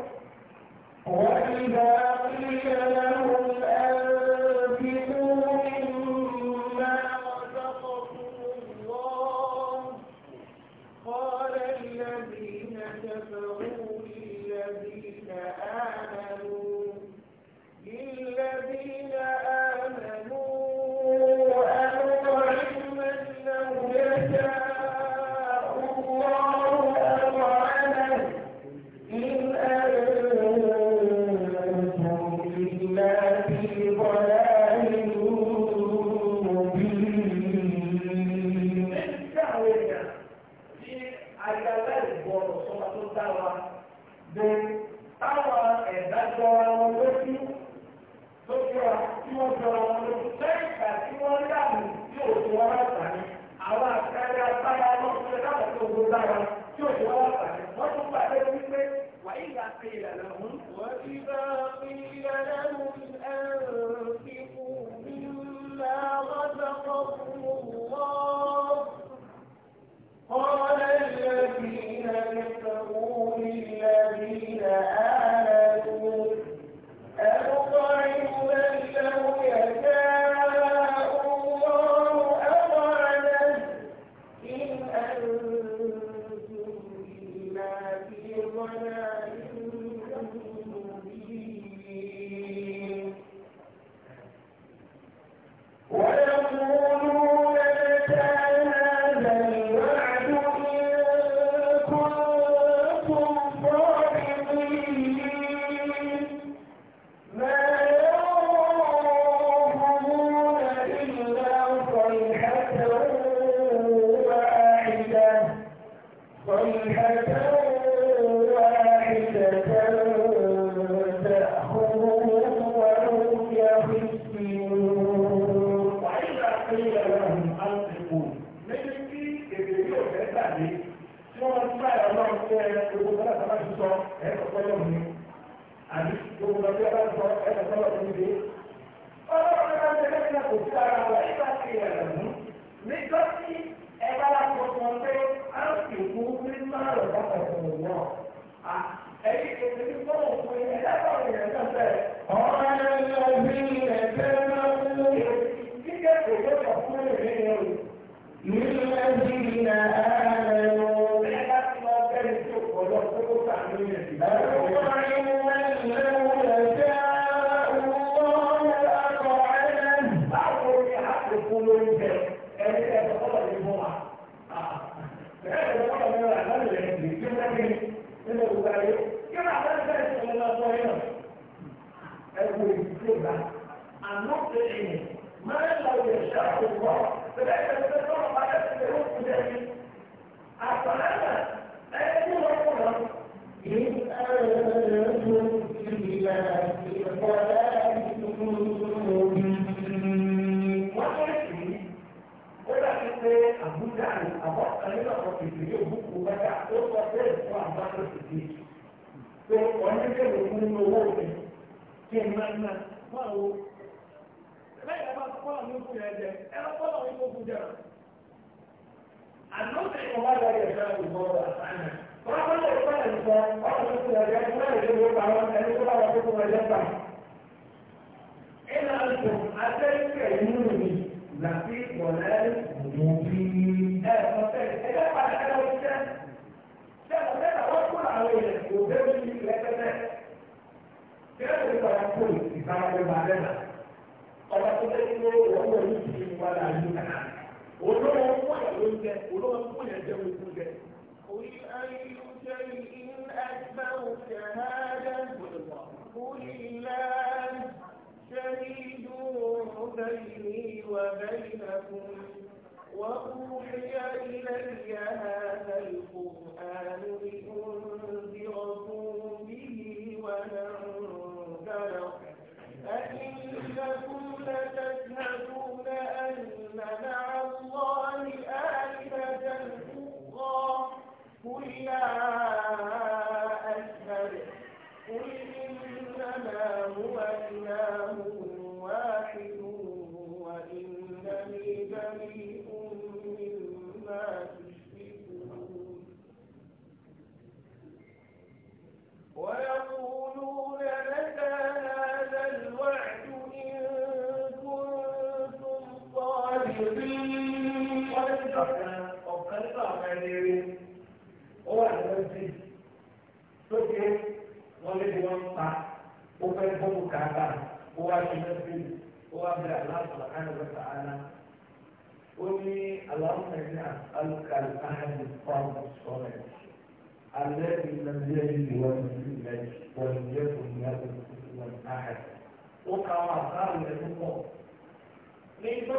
وإذا قيل لهم ìpadà ìlú náà olówó fúnyà ló ń jẹ olówó fúnyà jẹ jẹ. قل أي شيء وأوحي إلي هذا القرآن لأنذركم أن مع الله آلهة أشهد قل إنما هو واحد بريء مما تشركون ويقولون tó ṣe wọ́n lé wọ́n pa ó fẹ́ bọ́ọ̀mù kàkà ó wá ṣe lẹ́sìn ó wá bẹ̀rẹ̀ aláàbò ànàbẹ̀tà àná ó ní aláwọ̀ nàìjíríà alùkàlù àhàbì fáwọn sọ̀rọ̀ alẹ́ ìlànà ìlú wọn ìlú mẹ́jì wọn ìjẹ́ fún ìyàwó wọn àhàbì ó ka wọn àbáwò ẹ̀dú ní tó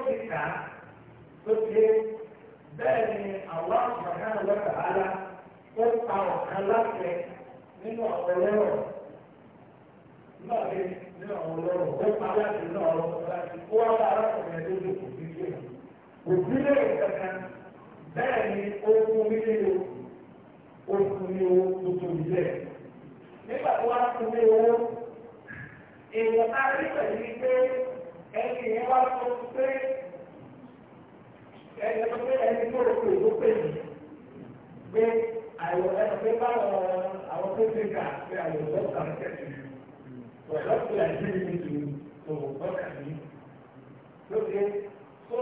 ti tó ṣe bẹ́ẹ̀ ni àwọn àbùkàlù àhàbì ó pa ọ̀kan láti ẹ̀ nínú àwọn ọlọ́rọ̀ nígbà tí nínú àwọn ọlọ́rọ̀ ó pa láti nínú àwọn ọlọ́rọ̀ láti kó wá bá arákùnrin tó kò sí ilé kò sí kankan bẹ́ẹ̀ ni ó ní o ó tó tóbi bẹ́ẹ̀ nígbà tó owó èèyàn rí pẹ̀lú pé ẹni yẹn wá pé ẹni tó pé ẹni tó rò pé àyọ̀ ẹgbẹ́ bá lọ àwọn pépé kà pé àyọ̀ lọ kà ń tẹ̀sí ju pẹ̀lú pé àìsírí mi tù tó gbọ́dọ̀ mí. lóde tó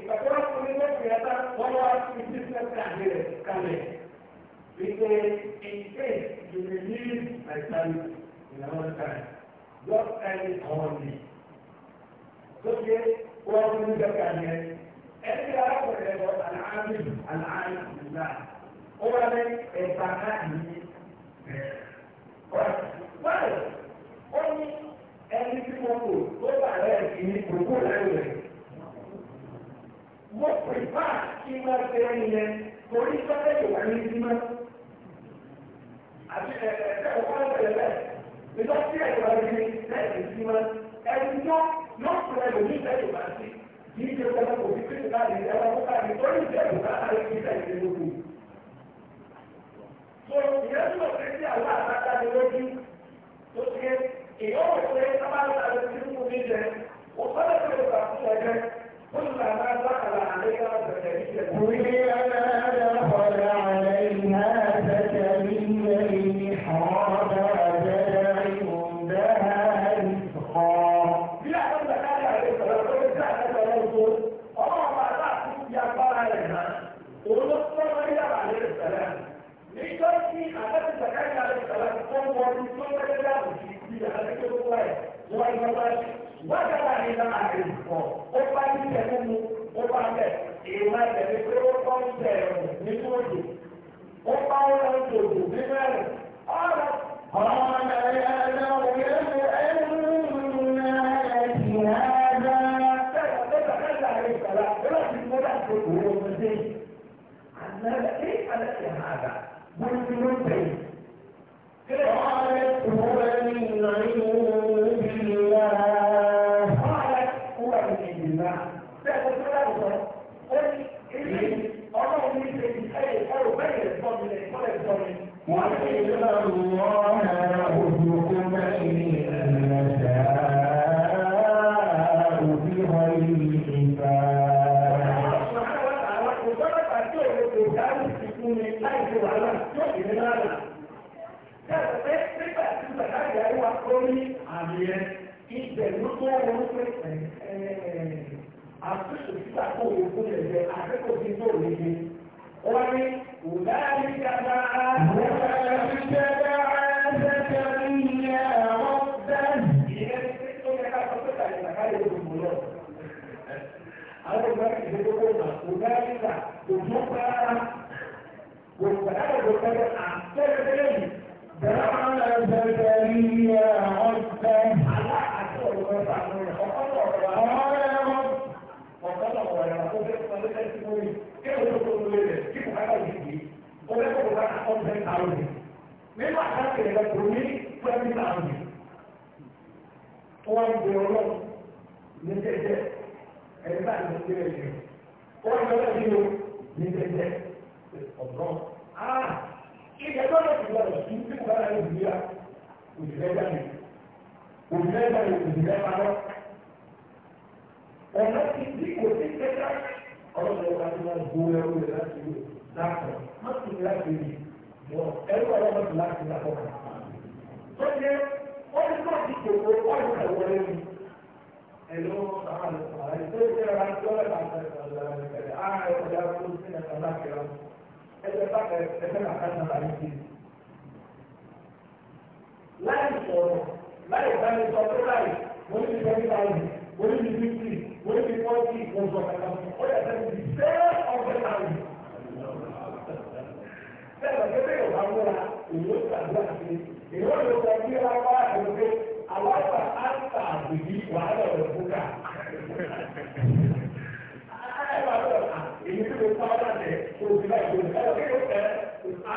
ìgbàgbọ́ fún ilé ìyàtà wọ́n wá sí business card rẹ̀ kalẹ̀ wípé in case you may need my service in another time just send it on me. lóde wọ́n fún ilé ìyàtà yẹn ẹgbẹ́ alákọ̀ọ́lẹ̀ lọ ó wá lẹ́ ẹ̀ka káàdì yìí. báyìí ó ní ẹni tí mo kò tó bá rẹ̀ ìní gbogbo lẹ́rù rẹ̀. mo pèpà kí wọ́n ṣe ẹni yẹn torí sọ́kẹ́ ìwà ní ìdímọ́. àti ẹ̀ẹ́dẹ́ ọ̀pọ̀ ẹ̀rẹ̀ rẹ̀ nígbà tí ẹ̀yọ̀ rẹ̀ ní lẹ́yìn ìdímọ́ ẹni tó yóò pẹ̀lú ẹ̀rọ ní ìfẹ́ ìwà sí kì í ṣe ọ̀pọ̀lọpọ̀ òfin pé ìgbà rẹ̀ ẹ̀rọ tó ìyẹn tí mo fi sí àwọn àgbàdá mi lójú tó ti yẹ èèyàn wò pé sábàlá ló ti mú mi jẹ wò fẹ́rẹ̀ fẹ́rẹ̀ bàtú ẹ̀jẹ̀ ó ti là máa bá àlà àlẹ́ yára bẹ̀rẹ̀ nínú òjò ó bá wọn òjò nínú ẹ̀rọ ọ̀rọ̀ ọ̀rọ̀ ẹ̀yà ẹ̀dá òye ẹ̀rọ ẹ̀rọ ẹ̀yà ẹ̀dá. Bẹ́ẹ̀ni ọ̀dọ́ta kẹta rẹ̀ sọ̀rọ̀ àbẹ́rẹ́ ti mú láti òwò ọmọdé. Àná ẹ̀ ẹ̀ alẹ́ ti hàn àgbà gbọ́dọ̀ ló ń bẹ̀rẹ̀. Kílẹ̀ wọn ìwé lára kẹ́kọ̀ọ́ pé pípẹ́ àti bàtà ìyàwó wa tó ní àmì ẹ̀ ibẹ̀ tó wọn pé àtúnṣe títà kó o kó lè jẹ akẹ́kọ̀ọ́ tí tó lè jẹ wọ́n ní ọ̀dà àyíkáta Àwọn ọmọ ìdílé tó kó ma, ọ̀dà àyíká, òjò pàrà. والسعادة والسعادة تلتين دعنا زكريا عبده على أسوأ وفعله قال يا رب وقال هو يا رب طريقة اسمه كيف تقول لي كيف حاجة جدي ولا تقول لك أقوم زي تعاوني من وحدك إلى كوني كيف تعاوني وأنا بيقول من تحت البعض من تحت وأنا بيقول من تحت ọ̀gbọ́n ah ìgbẹ́jọ́ náà ti gbọ́dọ̀ sí ní kí wọ́n lè yíra òṣìṣẹ́ jáde òṣìṣẹ́ jáde òṣìṣẹ́ padà ọ̀nà ti bí kò sí pẹ́ẹ́tà ọlọ́dọ̀ ọ̀gá ti máa gbó ẹrú rẹ̀ láti rẹ̀ láàpọ̀ má sì ní láti rẹ̀ wọ́n ẹrú ọlọ́dọ̀ ti láti lápọ̀ kà tó yẹ wọ́n ti náà ti kòkó wọ́n ti kà wọlé mi ẹ̀lọ́ àwọn àlùfáà àìsí ó jẹ́ ara tí wọ́n lè máa tẹ̀lé àwọn ọ̀gá rẹ̀ kẹ̀lẹ́ ẹgbẹ́ bá ẹgbẹ́ náà ká nàbà yìí kiri. láì sọ̀rọ̀ láì báyìí sọ pé láì mo ní ti twenty thousand mo ní ti fifty mo ní ti forty mo sọ kàkà ó yẹ kẹ́kẹ́ ti sẹ́ẹ̀ ọ̀gbẹ́ láì. sẹ́ẹ̀ lọ́kẹ́ bẹ́ẹ̀ yóò bá múra èyí ó gbàgbé àti èyí ó lè sọ bí wọ́n bá ẹ̀rọ pé àwọn àgbà á ń ta àbùdí wàhálà ọ̀rọ̀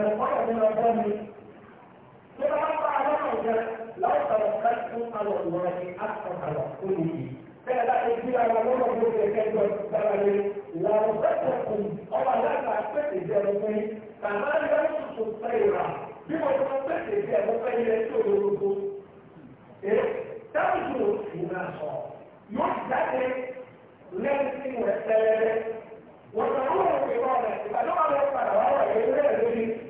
الجنة ويعمل الجنة فلما على الجنة لو توكلتم على الله حق توكله فلا يجري على الله بكيف تبالي لا يصدقكم أو لا تعتقد بأنه فما ينقص الطيرة بما تعتقد بأنه يسوره ترجو الناس يحدث لنفسه وسائله وتروح الإرادة يبقى لغة الإرادة وهو يقول لك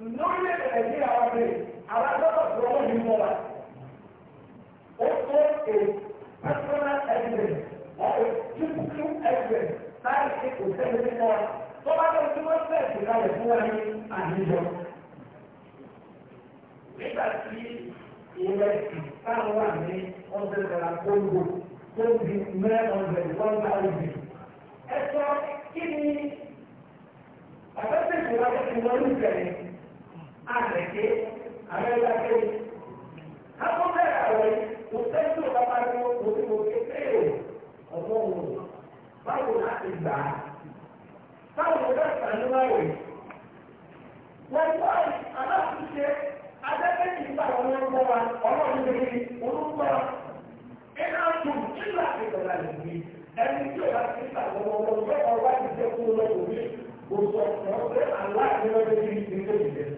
lórílẹ̀-èdè nàìjíríà wa pé àwọn agbọ́dọ̀ tó wọ́n ní mọ́ wa ó tó a personal evidence or a physical evidence láì ṣe kò sẹ́ni ní mọ́ wa tó bá lọ sí wọ́n fẹ́ẹ̀ sí kalẹ̀ fún wa ní àníyọ. nígbà tí ìrẹsì táwọn wà ní ọ̀sẹ̀ ìgbàlá kóńgò tó di mẹ́rin ọ̀sẹ̀ ìwọ́n bá rí bi. ẹ sọ kí ni àfẹ́sẹ̀ ìgbàlá ti wọ́n ní ìgbẹ̀yìn anche aveva che a moderare un senso da parte di un motivo che crede o non fa un'attività fa un'attività annuale wọ́n wá aláṣiṣe adẹ́gbẹ́jì nígbà wọn ń gbọ́ wa ọlọ́run lè rí orúkọ iná tún nígbà ìgbàlá nìyí ẹni tí ó bá ti nígbà wọn ọmọ ọgbẹ́ ọgbà ìjẹkùn lọ́wọ́ mi kò sọ ọ̀rọ̀ pé aláìní lọ́dẹ́ ní ilé ìjẹsìn.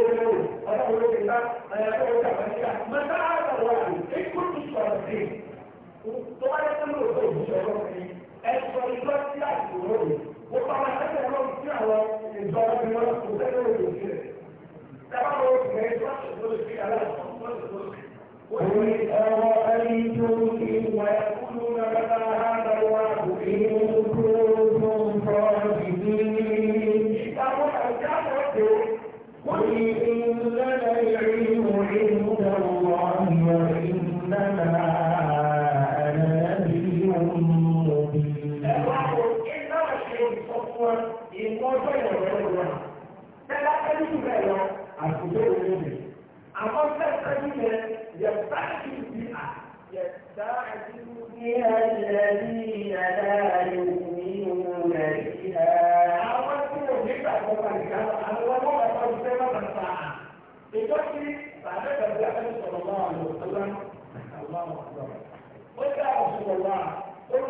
يقول أنا أقول لك أنا أقول لك متى هذا الوعد؟ إن كنت صادقين وطبعا يقول لك الشركات تلعب وطبعا حتى لو بتعوى الضرب المرض وده اللي بيصير طبعا هو ما ينفعش يقول لك أنا أرأيتم إن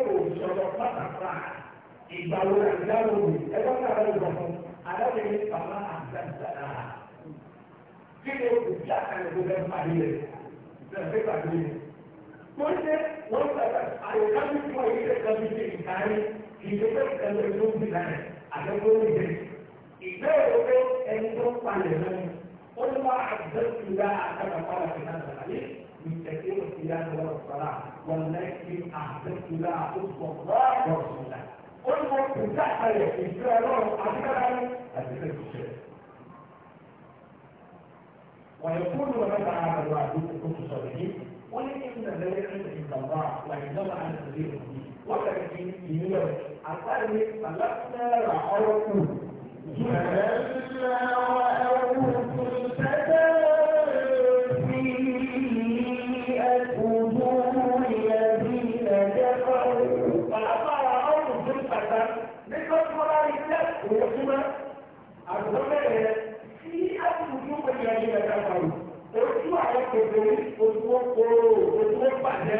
sọ̀rọ̀ ìṣọ̀rọ̀ pátápá ìgbà wo ìgbà wo mi ẹgbẹ́ náà ló gbọ̀ fún adájọ́ ní bàbá àgbàdàdà. Kí ni òkúta àyẹ̀wò bẹ́ẹ̀ parí rẹ̀? Bẹ́ẹ̀ parí rẹ̀. Tó ṣe wọ́n sọ̀rọ̀ àyẹ̀ká mi fún ẹ̀yìn rẹ̀ kan fi ìkárí ìgbésẹ̀ ìtẹ̀lẹ̀ tó ń bìlà rẹ̀ àdẹ́gbẹ́ oúnjẹ. Ìgbẹ́rẹ̀ pé ẹni tó ń palẹ̀ lẹ́nu, ó ní wá àgbẹ̀ من تكريم السلاح ولا الصلاة ولكن أحببت لا أحب الله ورسوله الله كل وقت تحت يشتري الله عشان أتفكر الشيء ويقول وماذا عمل الوعد كنت صالحين ولكن ذلك عند الله وإنما أنا نذير مبين ولكن في إيمان أقل خلقنا وعرفوا فلما رأوه àtúntẹ̀ tí a ti dùn pẹ̀lú ẹni ẹ̀ka kan ojú àwọn ojú ó ojú ó bàjẹ́.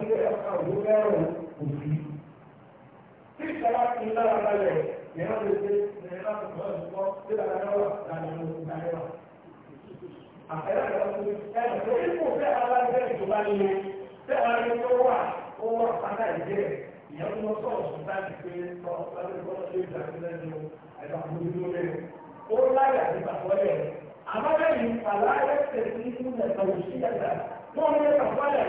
sílẹ̀ àwọn mẹ́rùn kò sí. Tí ìjọba ti ń lára balẹ̀, ìyẹn lè ṣe ìrìn láti mọ́ ẹ̀kọ́ sí àdáyọ̀wà láàrin ìdáyọ̀wà. Àfẹ́rẹ́ àwọn ọmọ ẹ̀rọ tó ń kò fẹ́ alágbẹ́ ìjọba nínú, fẹ́ alágbẹ́ tó wà, ó wà pátá ìjẹ́ ìyẹn lọ sọ̀rọ̀ sọ̀tà ti pé lọ lábẹ́ ìgbọ́dọ̀ ṣe ìdásílẹ̀ ní ẹ̀dá àbúrò lórí. Ó láyà nípa sọ́yẹ̀. Àmọ́ lẹ́yìn àlàyé tẹ̀sí nínú ẹ̀ka òṣìṣẹ́ ẹ̀dá. Wọ́n mú ẹ̀ka sọ́yẹ̀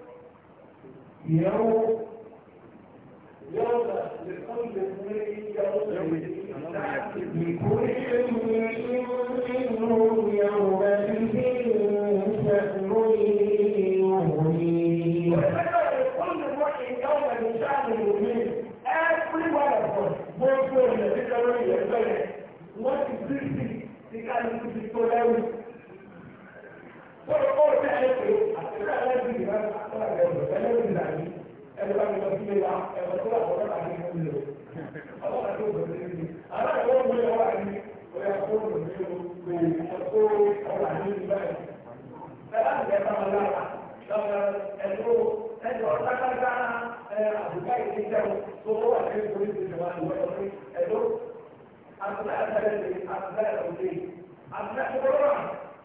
يوم you لكل يوم لكل منهم يومئذ شأن يغنيه كل واحد يوم one of us gbogbo ènìyàn nítorí ìyẹn bẹ̀rẹ̀ wọ́n ti bí sí ti ká أبناء البلد أبناء الأولين أبناء القرآن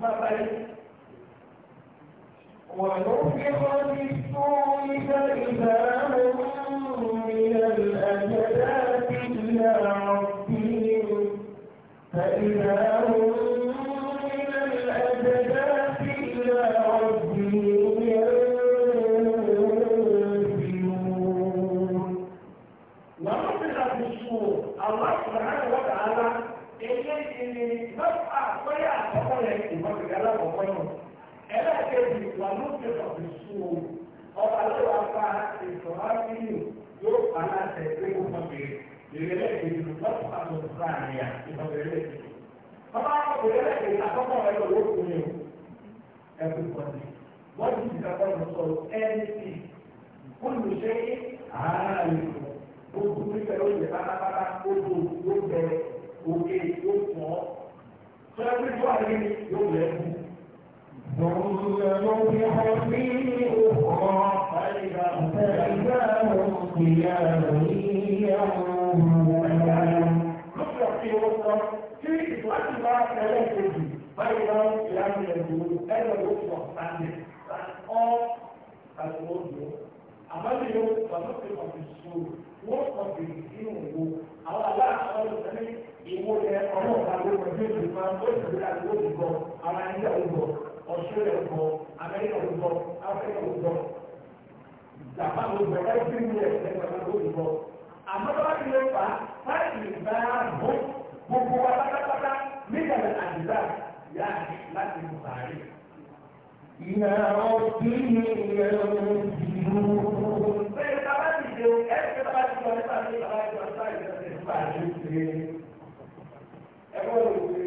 bàbá rẹ̀ ونفخ في فإذا هم من الأجداث إلى ربهم فإذا هم we are not scared of the soul ọba tó wà pa ìsọ̀rọ̀ nínú yóò pa láti ẹgbẹ́ gbogbo bèrè bèrè lẹ́gbẹ̀ẹ́ nínú lọ́pọ̀ àti òṣùpá àníyà ìfọ̀bẹ̀rẹ̀ lẹ́gbẹ̀ẹ́. ọba bèrè lẹ́gbẹ̀ẹ́ àkọ́kọ́ rẹ̀ lọ ló kún ní everybody wọ́n ti ti dàgbà lọ sọ ẹnìtì olùṣe àárín gbogbo nípa lóye pátápátá gbogbo ló bẹ òkè ló pọ̀ sọ́yẹ́ pé tó àyè yóò lẹ́kùn. ثم نفخ فيه أخرى فإذا هم قيام ينظرون نفخ في أخرى في إطلاق ما تلفظ فإذا هم قيام ينظرون أين الأخرى تعمل فالأخرى الأخرى àbájọ yóò pàtó pé ọ̀sìn sùúrù wọ́n kọ̀ bìrì sínú ìwò àwọn aláàbọ̀ ọ̀sẹ̀ ní ìwò yẹn ọmọ ọ̀gá ló pẹ̀lú ìgbìmọ̀ ó sì gbé àdúgbò ìgbọ̀ àwọn ẹni Australia ń bọ̀ Amẹ́ríkà ń bọ̀ Áfíríkà ń bọ̀ Japan ń bọ̀ every year ẹgbẹ̀rún ló ń bọ̀. àmọ́ bá ti lè fà fáìlì bá bọ̀ gbogbo wa pátápátá nígbà àdìgbà yá láti mú sàárè. Ìyá ọ̀gbìn ni ìyẹn ń dìbò. Bẹ́ẹ̀ni bàbá ti dé ẹ̀ẹ́dẹ́gbẹ́ bàbá ti lọ nípa bàbá ti lọ nípa ìjọba ìjọba ìjọba ìjọba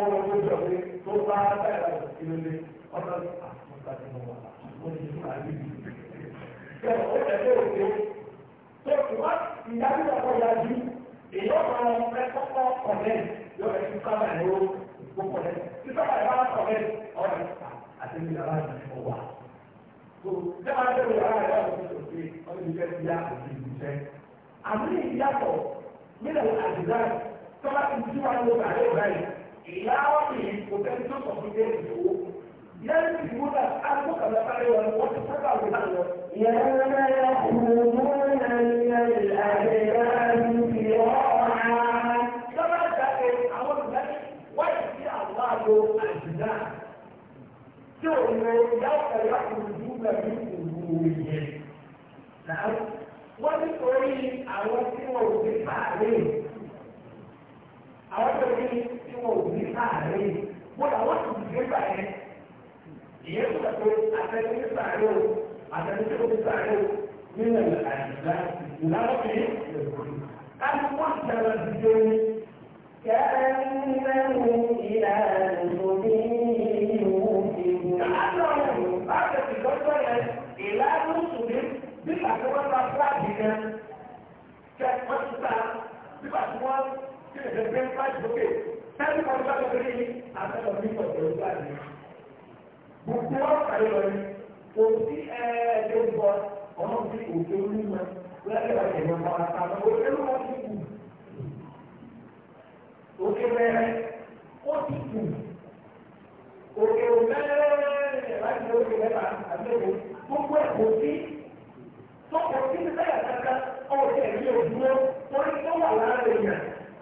wọ́n lọ sí ìjọ pé tó bá bẹ̀rẹ̀ ìrẹ̀lẹ̀ ọ̀dọ́ àtúntà tí mo wà ó ti fún àyè yìí. Ṣé o tẹ̀lé òde? Ṣé o wá ìyájú ọ̀pọ̀ yájú? Èyí ọ̀pọ̀ ẹ kọ́kọ́ kọ̀lẹ́ yóò ẹ ti sábà ní o kó kọ̀lẹ́. Tí sábà ẹ bá kọ̀lẹ́ ọ̀rẹ́ àti ní ìyára ìjọ wà. Tó dábàá lórí ara rẹ̀ ọ̀rọ̀ tó ṣe ọdún ìjẹ́ ti yá òfin ìjẹ́. Àmì ìyàtọ̀ nílẹ̀ àdìgbà tọ́lá ti tí wà lóba àlẹ́ ìbáyìí. ìyáwó ni potential computer ìlú lẹ́yìn tí mo dà ágbó kan lọ́pàá rẹ̀ wọ́n wọ́n ti sábà wọ́n náà lọ. Yàrá yà kúrò mọ́nà ní àgbẹ̀rẹ̀ àti ọ̀hánà. Lọ́wọ́ àgbàdo àwọn olùdarí wáyé sí àwọn àlọ́ àjùdá. Tí ò ń lo ìyáwó kan yà kúrò dúpẹ́ ní ìlú yẹn. Wọ́n nítorí àwọn tí wọ́n ò gbé pàálé. Àwọn tó ní wọn ò ní láàrin bóyá wọ́n ti dì nígbà yẹn ìyẹn tó dà pé àtẹnu nígbà yẹn o àtẹnu tó nígbà o nínú àyíká ìlànà fi kájú wọ́n ti dára dìde ní. كأنه إلى نصب يوسف كأنه بعد تكبر إلى نصب nígbà tí wọ́n bá fúláàgì náà kẹ́ wọ́n ti ta nígbà tí wọ́n ti lè fẹ́ fúláàgì lókè Tẹ́lẹ̀ kan bá lọ rí àtẹ́lọ ní ọ̀dọ̀ ìgbà ni. Gbogbo ọ̀pá yọ ni, kò sí ẹ̀ẹ́dẹ́ bọ ọmọ sí òkè olúmọ lẹ́yìn ọ̀dẹ̀ ní ọmọ àtàwọn òkè olúmọ ti kù. Òkè bẹ̀rẹ̀ ó ti kù. Òkè òmẹ́rẹ́ láti òkè mẹ́ta àtẹ́wò gbogbo ẹ̀ kò sí. Tọ́kọ̀ sí ní sẹ́yà kankan ọ̀kẹ́ ìlú òdúró torí tó wà lára èèyàn.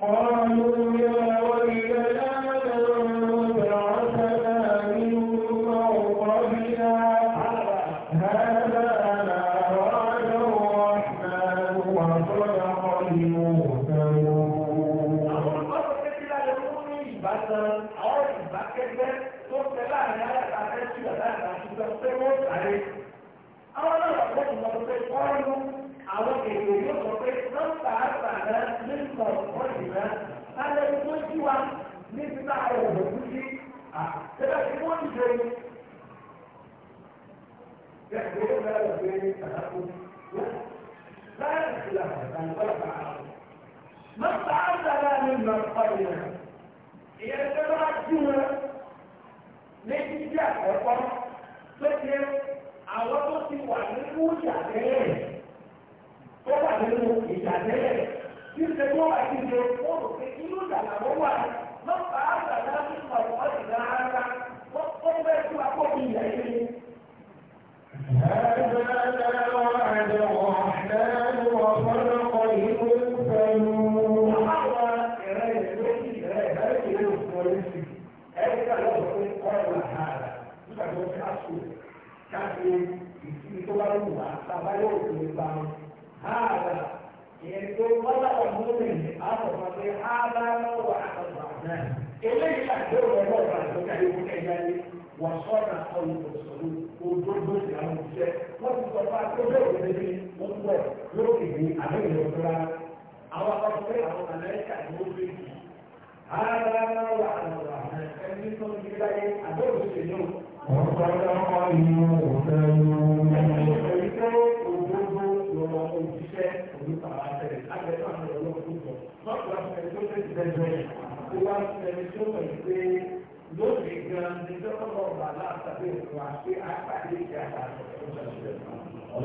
قالوا يا ويلنا ayọ̀ wọ́n wà nínú ìyàtẹ́lẹ̀ tó wà nínú ṣe tó wà nínú rò pé inú wà. wọ́n fà á gbà láti pọ̀ wọ́n sì gbà á gbà wọ́n kọ́ bẹ́ẹ̀ tí wàá kó mi yà é lé. Káàkiri ìsinmi tó bá lù wá, sábà yóò fi gbà wọn. Háàlà, ìyẹn tó wọ́n láwọn mọ́lẹ̀ ní àtọ̀fọ́ pé háàlà lọ́wọ́ àtọ̀fọ́ eléyìí àdéhùn ẹ̀rọ ọ̀gá àgbẹ̀ká ewu kẹ́yáyé wà sọ́ọ̀nà ọ̀hún òṣèlú òdòdó ìyàwó iṣẹ́ wọ́n ti sọ fún akébẹ̀ òdòdó ń bọ̀ yóò fi ní àdéhùn ìrọ̀lá àwọn akọ́kọ́rẹ́ àwọn amẹ́ríkà ni ó fi kì í. ara náà wà àlọ́ ẹni tó ń gbé láyé àdéhùn òṣèlú. ọ̀sán ọmọ inú òṣèlú. ẹni tó òdòdó lọ́wọ́ òṣìṣẹ́ òdòdó àwọn àtẹ̀lẹ̀ ti wá sẹni tó pẹ̀lú pé lónìí gan-an ní tọ́lọ́mọ̀ bàbá àtàbí òkú àti àpàdé ìjà àtàkùn tó ṣàṣẹ̀ṣẹ̀ fún